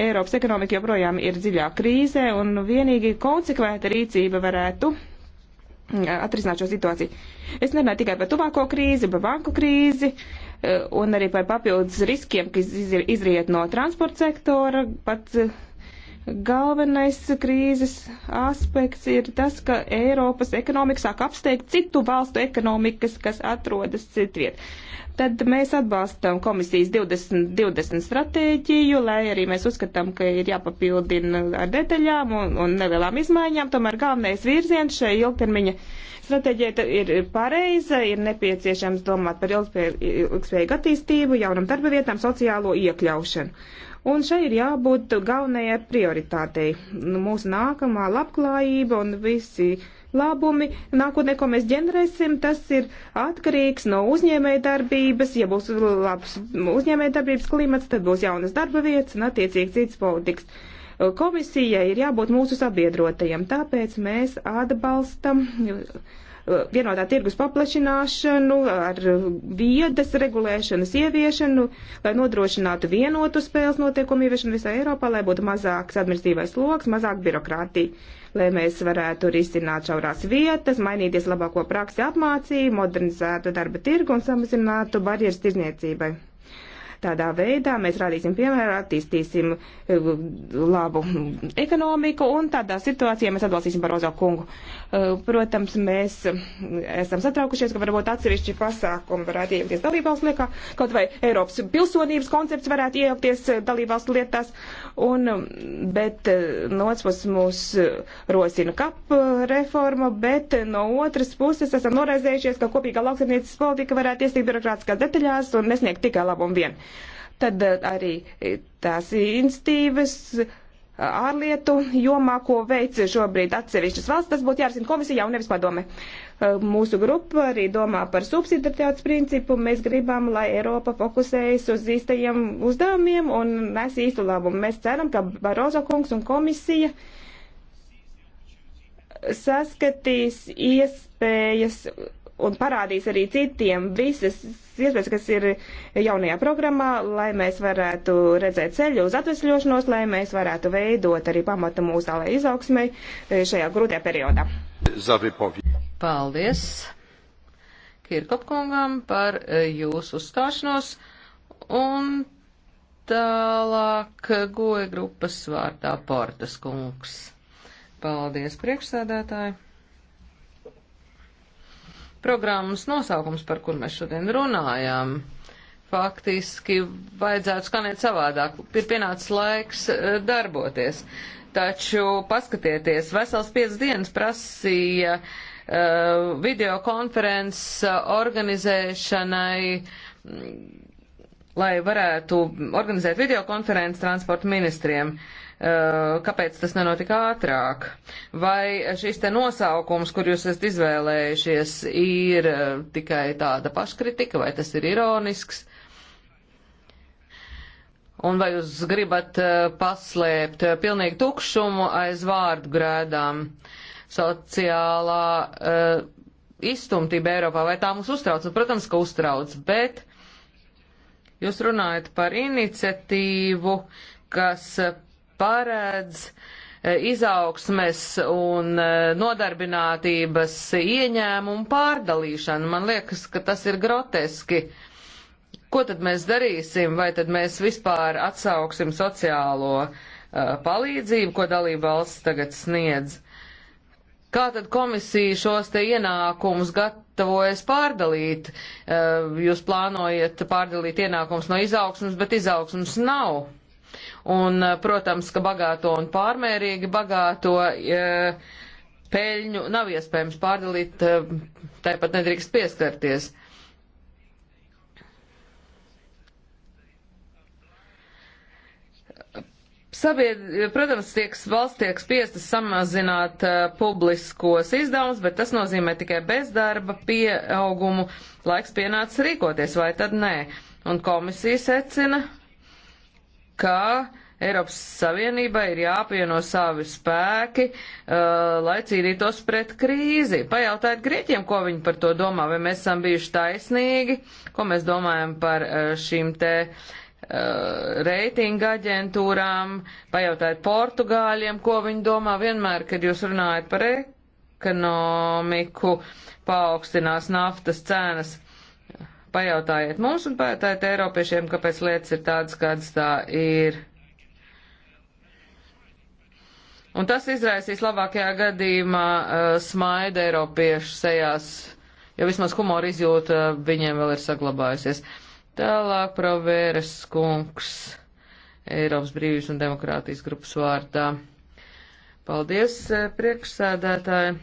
Eiropas ekonomika joprojām ir dziļā krīzē, un vienīgi konsekventa rīcība varētu mm, atrisināt šo situāciju. Es nerunāju tikai par tuvāko krīzi, par banku krīzi eh, un arī par papildus riskiem, kas izriet no transporta sektora. Pats eh, Galvenais krīzes aspekts ir tas, ka Eiropas ekonomika sāk apsteigt citu valstu ekonomikas, kas atrodas citviet. Tad mēs atbalstam komisijas 2020 stratēģiju, lai arī mēs uzskatām, ka ir jāpapildina ar detaļām un, un nelielām izmaiņām. Tomēr galvenais virziens šai ilgtermiņa stratēģija ir pareiza, ir nepieciešams domāt par ilgspējīgu attīstību, jaunam darba vietām, sociālo iekļaušanu Un šai ir jābūt galvenajai prioritātei. Nu, mūsu nākamā labklājība un visi labumi nākotnē, ko mēs ģenerēsim, tas ir atkarīgs no uzņēmēja darbības. Ja būs labs uzņēmēja darbības klimats, tad būs jaunas darba vietas un attiecīgi cits politikas. Komisijai ir jābūt mūsu sabiedrotajam, tāpēc mēs atbalstam vienotā tirgus paplašināšanu, ar viedas regulēšanas ieviešanu, lai nodrošinātu vienotu spēles notiekumu ieviešanu visā Eiropā, lai būtu mazāks administratīvais sloks, mazāk birokrātija, lai mēs varētu risināt šaurās vietas, mainīties labāko praksi apmācību, modernizētu darba tirgu un samazinātu barjeras tirzniecībai. Tādā veidā mēs rādīsim piemēru, attīstīsim eh, labu ekonomiku un tādā situācijā mēs atbalstīsim Barozo kungu. Eh, protams, mēs esam satraukušies, ka varbūt atsevišķi pasākumi varētu iejaukties dalībvalsts liekā, kaut vai Eiropas pilsonības koncepts varētu iejaukties eh, dalībvalsts lietās, un, mm, bet eh, no otras puses mūs rosina kap reforma, bet no otras puses esam noraizējušies, ka kopīgā lauksaimniecības politika varētu iestīgt birokrātiskās detaļās un nesniegt tikai labumu vien. Tad arī tās institīvas ārlietu jomā, ko veic šobrīd atsevišķas valsts. Tas būtu jārisina komisijā un nevis padome. Mūsu grupa arī domā par subsidiaritātes principu. Mēs gribam, lai Eiropa fokusējas uz īstajiem uzdevumiem un nes īstu labumu. Mēs ceram, ka Barozo kungs un komisija saskatīs iespējas un parādīs arī citiem visas iespējas, kas ir jaunajā programmā, lai mēs varētu redzēt ceļu uz atvesļošanos, lai mēs varētu veidot arī pamatu mūsu tālai izaugsmai eh, šajā grūtajā periodā. Paldies Kirkopkungam par eh, jūsu uzstāšanos un tālāk eh, goja grupas vārtā Portas kungs. Paldies priekšsēdētāji! programmas nosaukums, par kur mēs šodien runājām, faktiski vajadzētu skanēt savādāk. Ir pienācis laiks eh, darboties. Taču paskatieties, vesels piecas dienas prasīja uh, eh, videokonferences organizēšanai, mm, lai varētu organizēt videokonferences transporta ministriem. Uh, Eh, kāpēc tas nenotika ātrāk? Vai šis te nosaukums, kur jūs esat izvēlējušies, ir eh, tikai tāda paškritika, vai tas ir ironisks? Un vai jūs gribat eh, paslēpt pilnīgi tukšumu aiz vārdu grēdām? Sociālā uh, izstumtība Eiropā, vai tā mums uztrauc? Nu, protams, ka uztrauc, bet jūs runājat par iniciatīvu, kas paredz e, izaugsmes un e, nodarbinātības ieņēmumu pārdalīšanu. Man liekas, ka tas ir groteski. Ko tad mēs darīsim, vai tad mēs vispār atsauksim sociālo uh, palīdzību, ko dalība valsts tagad sniedz? Kā tad komisija šos te ienākumus gatavojas pārdalīt? Uh, jūs plānojat pārdalīt ienākumus no izaugsmas, bet izaugsmas nav. Un, eh, protams, ka bagāto un pārmērīgi bagāto eh, peļņu nav iespējams pārdalīt, eh, tāpat nedrīkst pieskarties. Sabiedri, protams, tiek valsts tiek spiestas samazināt uh, publiskos izdevumus, bet tas nozīmē tikai bezdarba pieaugumu. Laiks pienācis rīkoties, vai tad nē? Un komisija secina, ka Eiropas Savienībai ir jāapvieno savi spēki, uh, lai cīnītos pret krīzi. Pajautājiet grieķiem, ko viņi par to domā, vai mēs esam bijuši taisnīgi, ko mēs domājam par uh, šīm te uh, reitinga aģentūrām, pajautājiet portugāļiem, ko viņi domā vienmēr, kad jūs runājat par ekonomiku, paaugstinās naftas cenas pajautājiet mums un pajautājiet Eiropiešiem, kāpēc lietas ir tādas, kādas tā ir. Un tas izraisīs labākajā gadījumā uh, smaidu Eiropiešu sejās, jo vismaz humora izjūta uh, viņiem vēl ir saglabājusies. Tālāk provēras kungs Eiropas brīvības un demokrātijas grupas vārdā. Paldies, uh, priekšsēdētāji!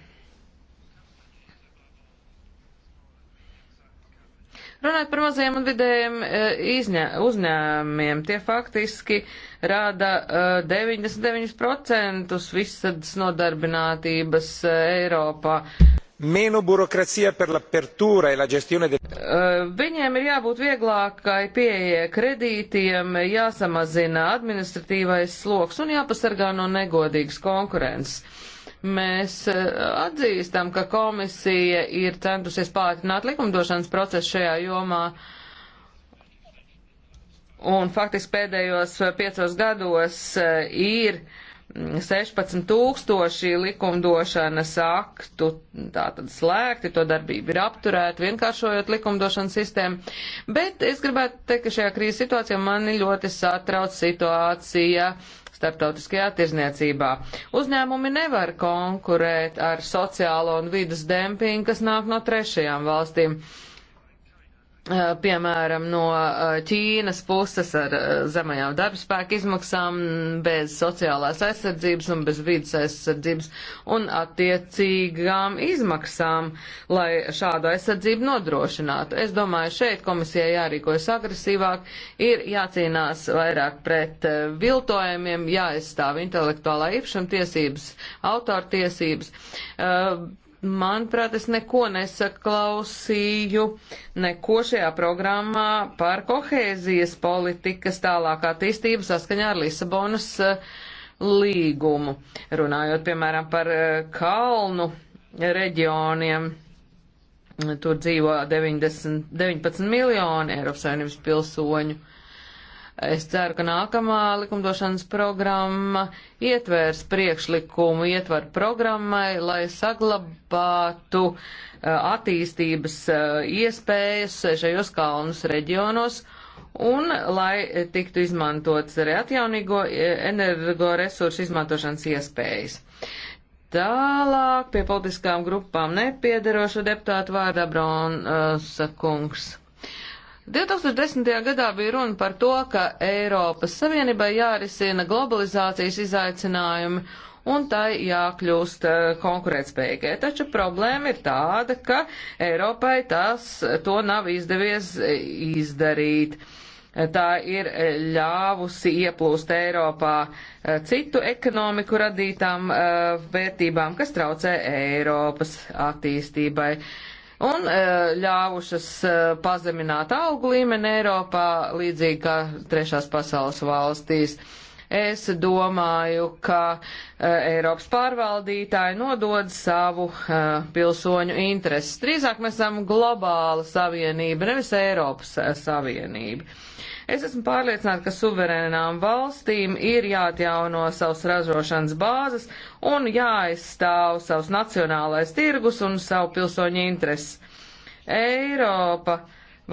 Runāt par mazajiem un vidējiem e, izņē, uzņēmiem, tie faktiski rāda 99% e, visas nodarbinātības e, Eiropā meno burocrazia per l'apertura e la gestione del. Eh, viņiem ir jābūt vieglākai pieejai kredītiem, jāsamazina administratīvais sloks un jāpasargā no negodīgas konkurences. Mēs eh, atzīstam, ka komisija ir centusies pātrināt likumdošanas procesu šajā jomā. Un faktiski pēdējos eh, piecos gados ir uh, 16 tūkstoši likumdošanas aktu tātad slēgti, to darbību ir apturēta, vienkāršojot likumdošanas sistēmu. Bet es gribētu teikt, ka šajā krīzes situācijā mani ļoti satrauc situācija starptautiskajā tirzniecībā. Uzņēmumi nevar konkurēt ar sociālo un vidas dempingu, kas nāk no trešajām valstīm. Uh, Eh, piemēram, no eh, Ķīnas puses ar eh, zemajām darbspēku izmaksām, bez sociālās aizsardzības un bez vidas aizsardzības un attiecīgām izmaksām, lai šādu aizsardzību nodrošinātu. Es domāju, šeit komisijai jārīkojas agresīvāk, ir jācīnās vairāk pret viltojumiem, jāaizstāv intelektuālā īpašuma tiesības, autortiesības. Uh, Manuprāt, es neko nesaklausīju, neko šajā programmā par kohēzijas politikas tālāk attīstību saskaņā ar Lisabonas eh, līgumu. Runājot, piemēram, par eh, kalnu reģioniem, tur dzīvo 90, 19 miljoni Eiropas Savienības pilsoņu. Es ceru, ka nākamā likumdošanas programma ietvērs priekšlikumu ietvaru programmai, lai saglabātu uh, attīstības uh, iespējas šajos kalnus reģionos un lai tiktu izmantots arī atjaunīgo eh, energoresursu izmantošanas iespējas. Tālāk pie politiskām grupām nepiedarošo deputātu vārdā Bronsa uh, kungs. 2010. gadā bija runa par to, ka Eiropas Savienībai jārisina globalizācijas izaicinājumi un tai jākļūst uh, konkurētspējīgai. Taču problēma ir tāda, ka Eiropai tas to nav izdevies eh, izdarīt. Tā ir eh, ļāvusi ieplūst Eiropā citu ekonomiku radītām uh, vērtībām, kas traucē Eiropas attīstībai. Uh, un e, ļāvušas e, pazemināt algu līmeni Eiropā, līdzīgi kā trešās pasaules valstīs. Es domāju, ka e, Eiropas pārvaldītāji nodod savu pilsoņu intereses. Drīzāk mēs esam globāla savienība, nevis Eiropas savienība. Es esmu pārliecināta, ka suverēnām valstīm ir jāatjauno savas ražošanas bāzes un jāaizstāv savs nacionālais tirgus un savu pilsoņu intereses. Eiropa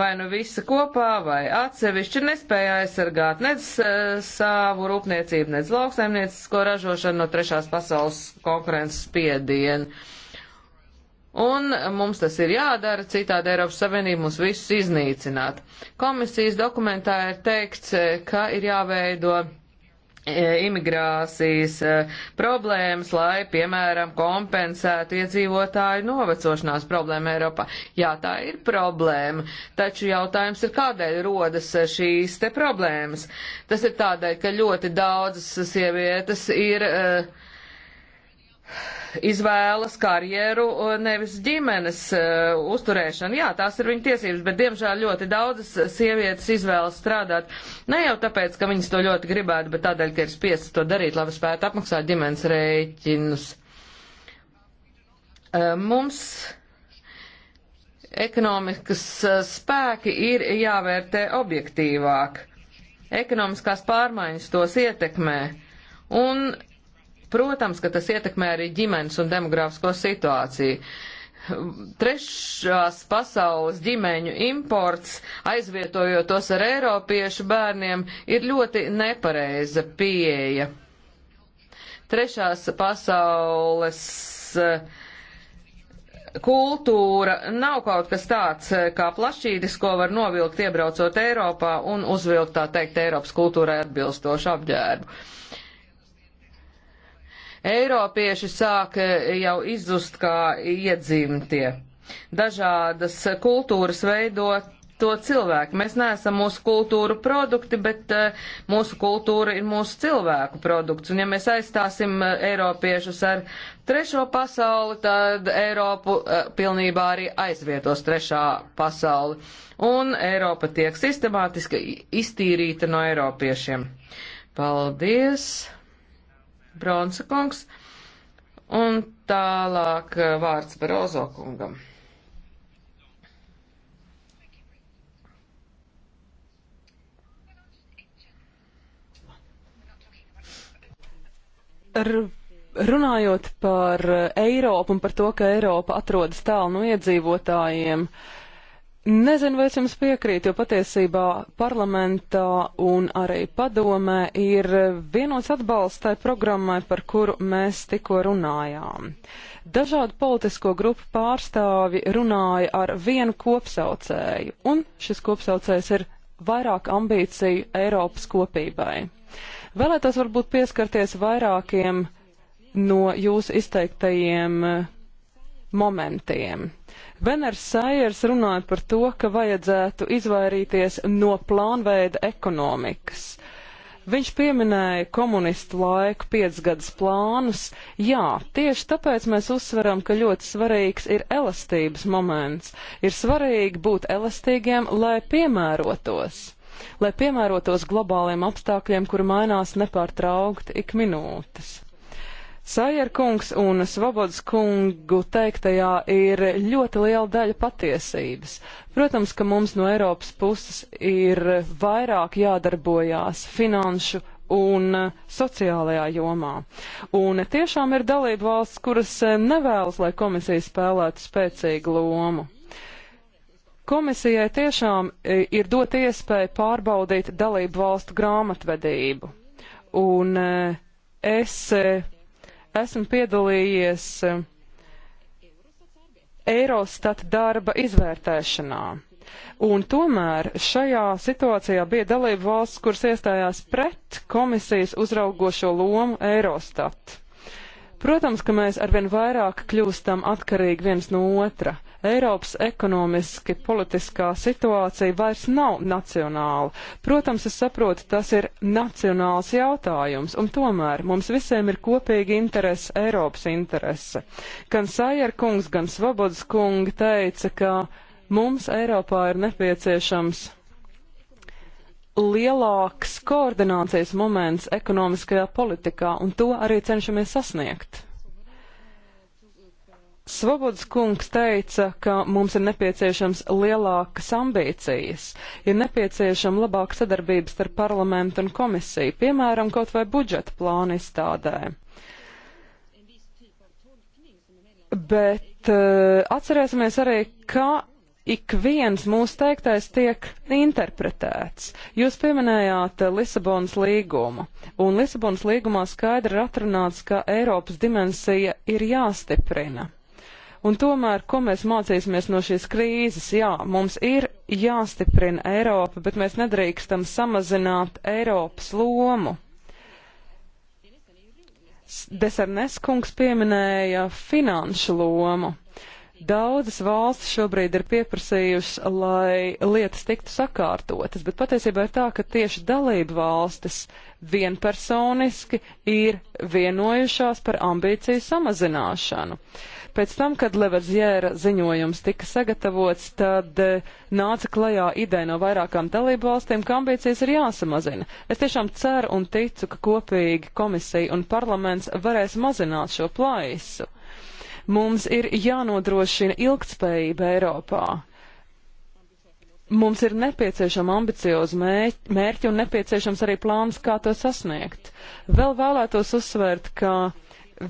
vai nu visa kopā vai atsevišķi nespēja aizsargāt nec eh, savu rūpniecību, nec lauksaimniecisko ražošanu no trešās pasaules konkurences spiedienu. Un mums tas ir jādara, citādi Eiropas Savienība mūs visus iznīcināt. Komisijas dokumentā ir teikts, eh, ka ir jāveido eh, imigrācijas eh, problēmas, lai, piemēram, kompensētu iedzīvotāju novecošanās problēmu Eiropā. Jā, tā ir problēma, taču jautājums ir, kādēļ rodas šīs te problēmas. Tas ir tādēļ, ka ļoti daudzas sievietes ir. Uh, izvēlas karjeru, nevis ģimenes uh, uzturēšanu. Jā, tās ir viņu tiesības, bet diemžēl ļoti daudzas sievietes izvēlas strādāt ne jau tāpēc, ka viņas to ļoti gribētu, bet tādēļ, ka ir spiestas to darīt, lai spētu apmaksāt ģimenes rēķinus. Uh, mums ekonomikas e, spēki ir jāvērtē objektīvāk. Ekonomiskās pārmaiņas tos ietekmē. Un Protams, ka tas ietekmē arī ģimenes un demografisko situāciju. Trešās pasaules ģimeņu imports, aizvietojot tos ar eiropiešu bērniem, ir ļoti nepareiza pieeja. Trešās pasaules uh, kultūra nav kaut kas tāds eh, kā plašīdis, ko var novilkt iebraucot Eiropā un uzvilkt, tā teikt, Eiropas kultūrai atbilstošu apģērbu. Eiropieši sāk e, jau izzust kā iedzimtie. Dažādas kultūras veidot to cilvēku. Mēs neesam mūsu kultūru produkti, bet uh, mūsu kultūra ir mūsu cilvēku produkts. Un ja mēs aizstāsim uh, Eiropiešus ar trešo pasauli, tad Eiropu uh, pilnībā arī aizvietos trešā pasauli. Un Eiropa tiek sistemātiski iztīrīta no Eiropiešiem. Paldies! Bronsa kungs, un tālāk eh, vārds Barozo kungam. Ar runājot par Eiropu un par to, ka Eiropa atrodas tālu no iedzīvotājiem, uh, Nezinu, vai es jums piekrītu, jo patiesībā parlamentā un arī padomē ir vienots atbalsts tai programmai, par kuru mēs tikko runājām. Dažādu politisko grupu pārstāvi runāja ar vienu kopsaucēju, un šis kopsaucējs ir vairāk ambīciju Eiropas kopībai. Vēlētos varbūt pieskarties vairākiem no jūsu izteiktajiem uh, momentiem. Veners Saiers runāja par to, ka vajadzētu izvairīties no plānveida ekonomikas. Viņš pieminēja komunistu laiku piecgadas plānus. Jā, tieši tāpēc mēs uzsveram, ka ļoti svarīgs ir elastības moments. Ir svarīgi būt elastīgiem, lai piemērotos. Lai piemērotos globāliem apstākļiem, kuri mainās nepārtraukti ik minūtes. Sajerkungs un Svobodas kungu teiktajā ir ļoti liela daļa patiesības. Protams, ka mums no Eiropas puses ir vairāk jādarbojās finanšu un sociālajā jomā. Un tiešām ir dalība valsts, kuras eh, nevēlas, lai komisija spēlētu spēcīgu lomu. Komisijai tiešām eh, ir dot iespēju pārbaudīt dalību valstu grāmatvedību. Un eh, es esmu piedalījies Eirostat eh, darba izvērtēšanā. Un tomēr šajā situācijā bija dalība valsts, kuras iestājās pret komisijas uzraugošo lomu Eirostat. Protams, ka mēs arvien vairāk kļūstam atkarīgi viens no otra. Eiropas ekonomiski politiskā situācija vairs nav nacionāla. Protams, es saprotu, tas ir nacionāls jautājums, un tomēr mums visiem ir kopīga interese, Eiropas interese. Gan Sajer kungs, gan Svobodas kungi teica, ka mums Eiropā ir nepieciešams lielāks koordinācijas moments ekonomiskajā politikā, un to arī cenšamies sasniegt. Svobods kungs teica, ka mums ir nepieciešams lielākas ambīcijas, ir nepieciešama labāka sadarbības starp parlamentu un komisiju, piemēram, kaut vai budžeta plāna izstādē. Bet uh, atcerēsimies arī, ka ik viens mūsu teiktais tiek interpretēts. Jūs pieminējāt eh, Lisabonas līgumu, un Lisabonas līgumā skaidri ir atrunāts, ka Eiropas dimensija ir jāstiprina. Un tomēr, ko mēs mācīsimies no šīs krīzes? Jā, mums ir jāstiprina Eiropa, bet mēs nedrīkstam samazināt Eiropas lomu. Desarnes kungs pieminēja finanšu lomu. Uh, Daudzas valstis šobrīd ir pieprasījušas, lai lietas tiktu sakārtotas, bet patiesībā ir tā, ka tieši dalību valstis vienpersoniski ir vienojušās par ambīciju samazināšanu. Pēc tam, kad Leverzjēra ziņojums tika sagatavots, tad eh, nāca klajā ideja no vairākām dalību valstīm, ka ambīcijas ir jāsamazina. Es tiešām ceru un ticu, ka kopīgi komisija un parlaments varēs mazināt šo plaisu. Mums ir jānodrošina ilgtspējība Eiropā. Mums ir nepieciešama ambicioza mērķi un nepieciešams arī plāns, kā to sasniegt. Vēl vēlētos uzsvērt, ka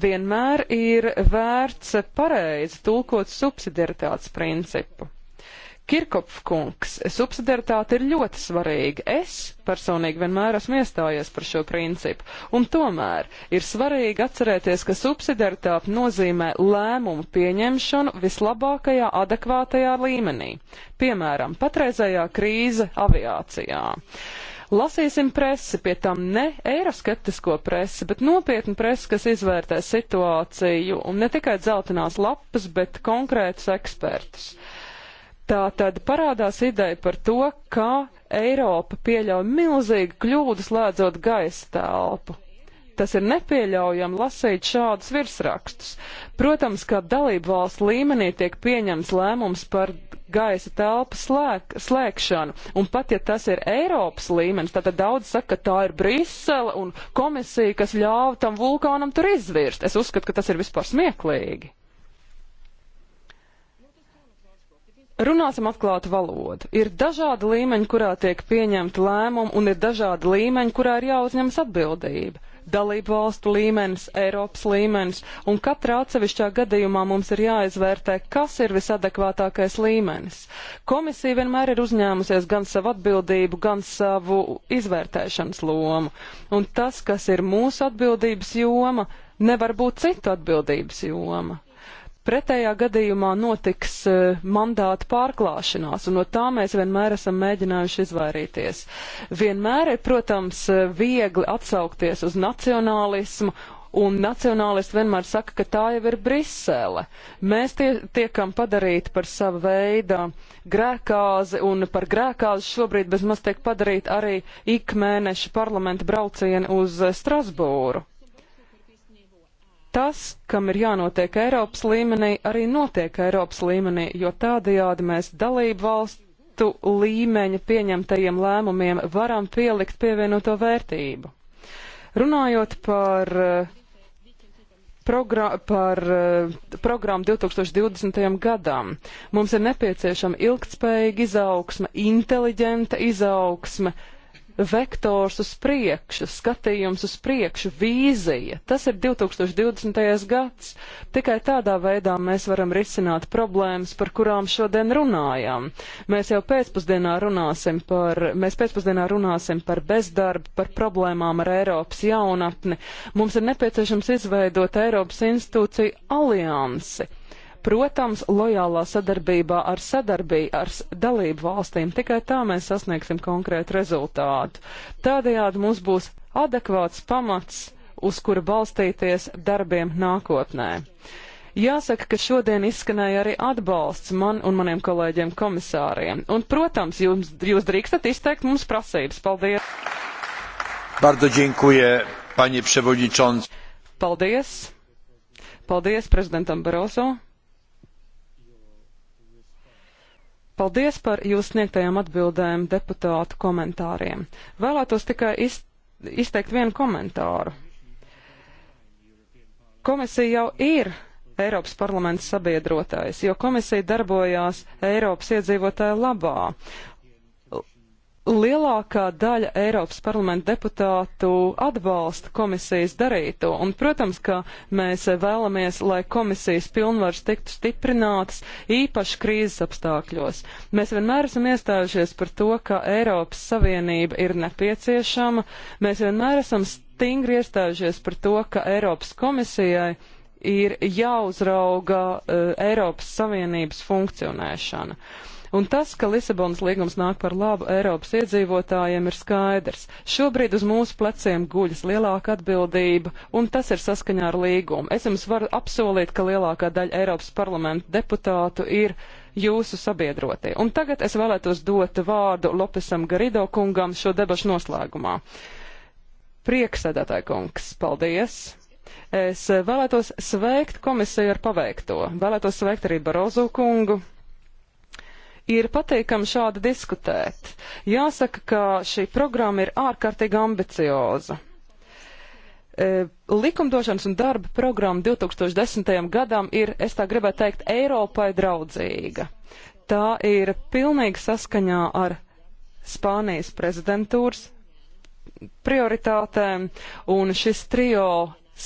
vienmēr ir vērts pareizi tulkot subsidiaritātes principu. Kirkopkungs, subsidiaritāte ir ļoti svarīga. Es personīgi vienmēr esmu iestājies par šo principu, un tomēr ir svarīgi atcerēties, ka subsidiaritāte nozīmē lēmumu pieņemšanu vislabākajā, adekvātajā līmenī. Piemēram, patreizējā krīze aviācijā. Lasīsim presi, pie tam ne eiroskeptisko presi, bet nopietnu presi, kas izvērtē situāciju un ne tikai dzeltenās lapas, bet konkrētus ekspertus. Uh, Tā tad parādās ideja par to, kā Eiropa pieļauj milzīgu kļūdu slēdzot gaisa telpu. Tas ir nepieļaujami lasīt šādus virsrakstus. Protams, ka dalību valsts līmenī tiek pieņems lēmums par gaisa telpas slēg, slēgšanu, un pat ja tas ir Eiropas līmenis, tad daudz saka, ka tā ir Brisele un komisija, kas ļāva tam vulkānam tur izvirst. Es uzskatu, ka tas ir vispār smieklīgi. Runāsim atklātu valodu. Ir dažādi līmeņi, kurā tiek pieņemta lēmuma, un ir dažādi līmeņi, kurā ir jāuzņemas atbildība. Dalību valstu līmenis, Eiropas līmenis, un katrā atsevišķā gadījumā mums ir jāizvērtē, kas ir visadekvātākais līmenis. Komisija vienmēr ir uzņēmusies gan savu atbildību, gan savu izvērtēšanas lomu, un tas, kas ir mūsu atbildības joma, nevar būt citu atbildības joma. Pretējā gadījumā notiks e, mandāta pārklāšanās, un no tā mēs vienmēr esam mēģinājuši izvairīties. Vienmēr ir, protams, e, viegli atsaukties uz nacionālismu un nacionālisti vienmēr saka, ka tā jau ir Brisele. Mēs tie, tiekam padarīti par savu veidu grēkāzi, un par grēkāzi šobrīd bezmaz tiek padarīti arī ikmēneša parlamenta braucieni uz e, Strasbūru. Tas, kam ir jānotiek Eiropas līmenī, arī notiek Eiropas līmenī, jo tādajādi mēs dalību valstu līmeņa pieņemtajiem lēmumiem varam pielikt pievienoto vērtību. Runājot par, eh, progrā, par eh, programmu 2020. gadam, mums ir nepieciešama ilgtspējīga izaugsme, inteliģenta izaugsme, vektors uz priekšu, skatījums uz priekšu, vīzija. Tas ir 2020. gads. Tikai tādā veidā mēs varam risināt problēmas, par kurām šodien runājam. Mēs jau pēcpusdienā runāsim par, mēs pēcpusdienā runāsim par bezdarbu, par problēmām ar Eiropas jaunatni. Mums ir nepieciešams izveidot Eiropas institūciju aliansi Protams, lojālā sadarbībā ar sadarbību ar dalību valstīm tikai tā mēs sasniegsim konkrētu rezultātu. Tādējādi mums būs adekvāts pamats, uz kura balstīties darbiem nākotnē. Jāsaka, ka šodien izskanēja arī atbalsts man un maniem kolēģiem komisāriem. Un, protams, jums, jūs drīkstat izteikt mums prasības. Paldies! Bardzo dziękuję, panie przewodniczący. Paldies! Paldies prezidentam Baroso! Paldies par jūs sniegtajām atbildēm deputātu komentāriem. Vēlētos tikai iz, izteikt vienu komentāru. Komisija jau ir Eiropas parlaments sabiedrotais, jo komisija darbojās Eiropas iedzīvotāju labā. Lielākā daļa Eiropas parlamenta deputātu atbalsta komisijas darīto, un, protams, ka mēs vēlamies, lai komisijas pilnvaras tiktu stiprinātas īpaši krīzes apstākļos. Mēs vienmēr esam iestājušies par to, ka Eiropas Savienība ir nepieciešama. Mēs vienmēr esam stingri iestājušies par to, ka Eiropas komisijai ir jāuzrauga uh, Eiropas Savienības funkcionēšana. Uh, Un tas, ka Lisabonas līgums nāk par labu Eiropas iedzīvotājiem, ir skaidrs. Šobrīd uz mūsu pleciem guļas lielāka atbildība, un tas ir saskaņā ar līgumu. Es jums varu apsolīt, ka lielākā daļa Eiropas parlamenta deputātu ir jūsu sabiedrotie. Un tagad es vēlētos dot vārdu Lopesam Garido kungam šo debašu noslēgumā. Prieksēdētāji kungs, paldies! Es vēlētos sveikt komisiju ar paveikto. Vēlētos sveikt arī Barozu kungu ir patīkami šādi diskutēt. Jāsaka, ka šī programma ir ārkārtīgi ambicioza. E, likumdošanas un darba programma 2010. gadam ir, es tā gribētu teikt, Eiropai draudzīga. Tā ir pilnīgi saskaņā ar Spānijas prezidentūras prioritātēm, un šis trio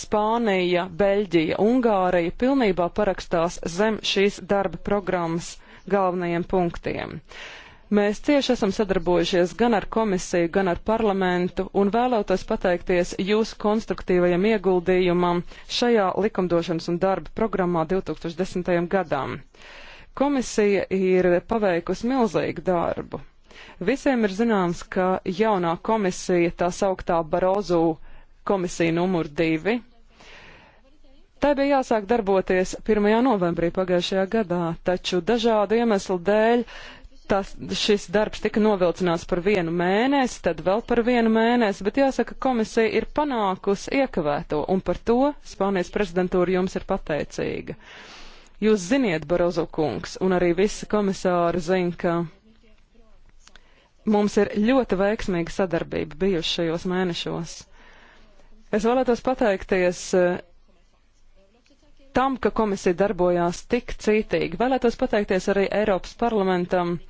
Spānija, Beļģija, Ungārija pilnībā parakstās zem šīs darba programmas galvenajiem punktiem. Mēs cieši esam sadarbojušies gan ar komisiju, gan ar parlamentu un vēlētos pateikties jūsu konstruktīvajam ieguldījumam šajā likumdošanas un darba programmā 2010. gadam. Komisija ir paveikusi milzīgu darbu. Visiem ir zināms, ka jaunā komisija, tā sauktā Barozu komisija numur divi, Tā bija jāsāk darboties 1. novembrī pagājušajā gadā, taču dažādu iemeslu dēļ tas, šis darbs tika novilcināts par vienu mēnesi, tad vēl par vienu mēnesi, bet jāsaka, komisija ir panākusi iekavēto, un par to Spānijas prezidentūra jums ir pateicīga. Jūs ziniet, Barozo kungs, un arī visi komisāri zina, ka mums ir ļoti veiksmīga sadarbība bijuši šajos mēnešos. Es vēlētos pateikties tam, ka komisija darbojās tik cītīgi. Vēlētos pateikties arī Eiropas parlamentam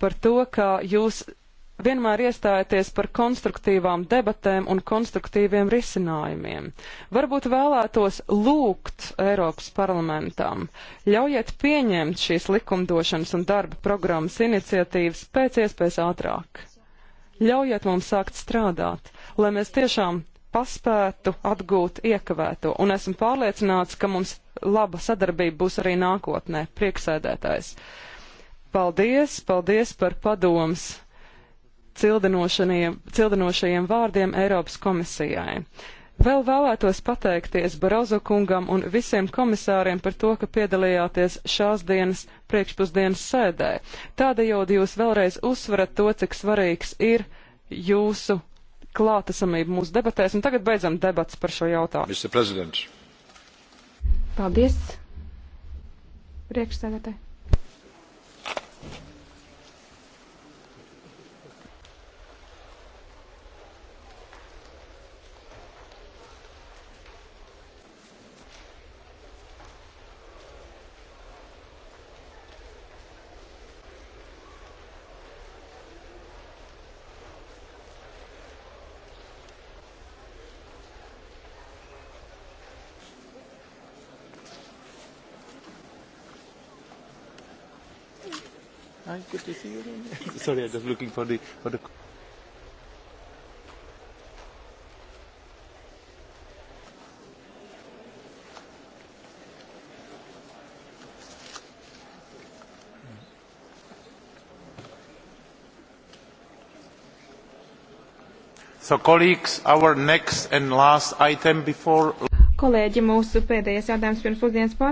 par to, ka jūs vienmēr iestājaties par konstruktīvām debatēm un konstruktīviem risinājumiem. Varbūt vēlētos lūgt Eiropas parlamentam, ļaujiet pieņemt šīs likumdošanas un darba programmas iniciatīvas pēc iespējas ātrāk. Ļaujiet mums sākt strādāt, lai mēs tiešām paspētu atgūt iekavēto, un esmu pārliecināts, ka mums laba sadarbība būs arī nākotnē, prieksēdētājs. Paldies, paldies par padoms cildinošajiem vārdiem Eiropas komisijai. Vēl vēlētos pateikties Barozo kungam un visiem komisāriem par to, ka piedalījāties šās dienas priekšpusdienas sēdē. Tādējādi jūs vēlreiz uzsverat to, cik svarīgs ir jūsu klātesamību mūsu debatēs, un tagad beidzam debats par šo jautājumu. Paldies, priekšsēdētāji. Good to see you again. Sorry, I'm just looking for the for the. So, colleagues, our next and last item before. Kolēģi, mūsu pēdējais jautājums pirms pusdienas pār.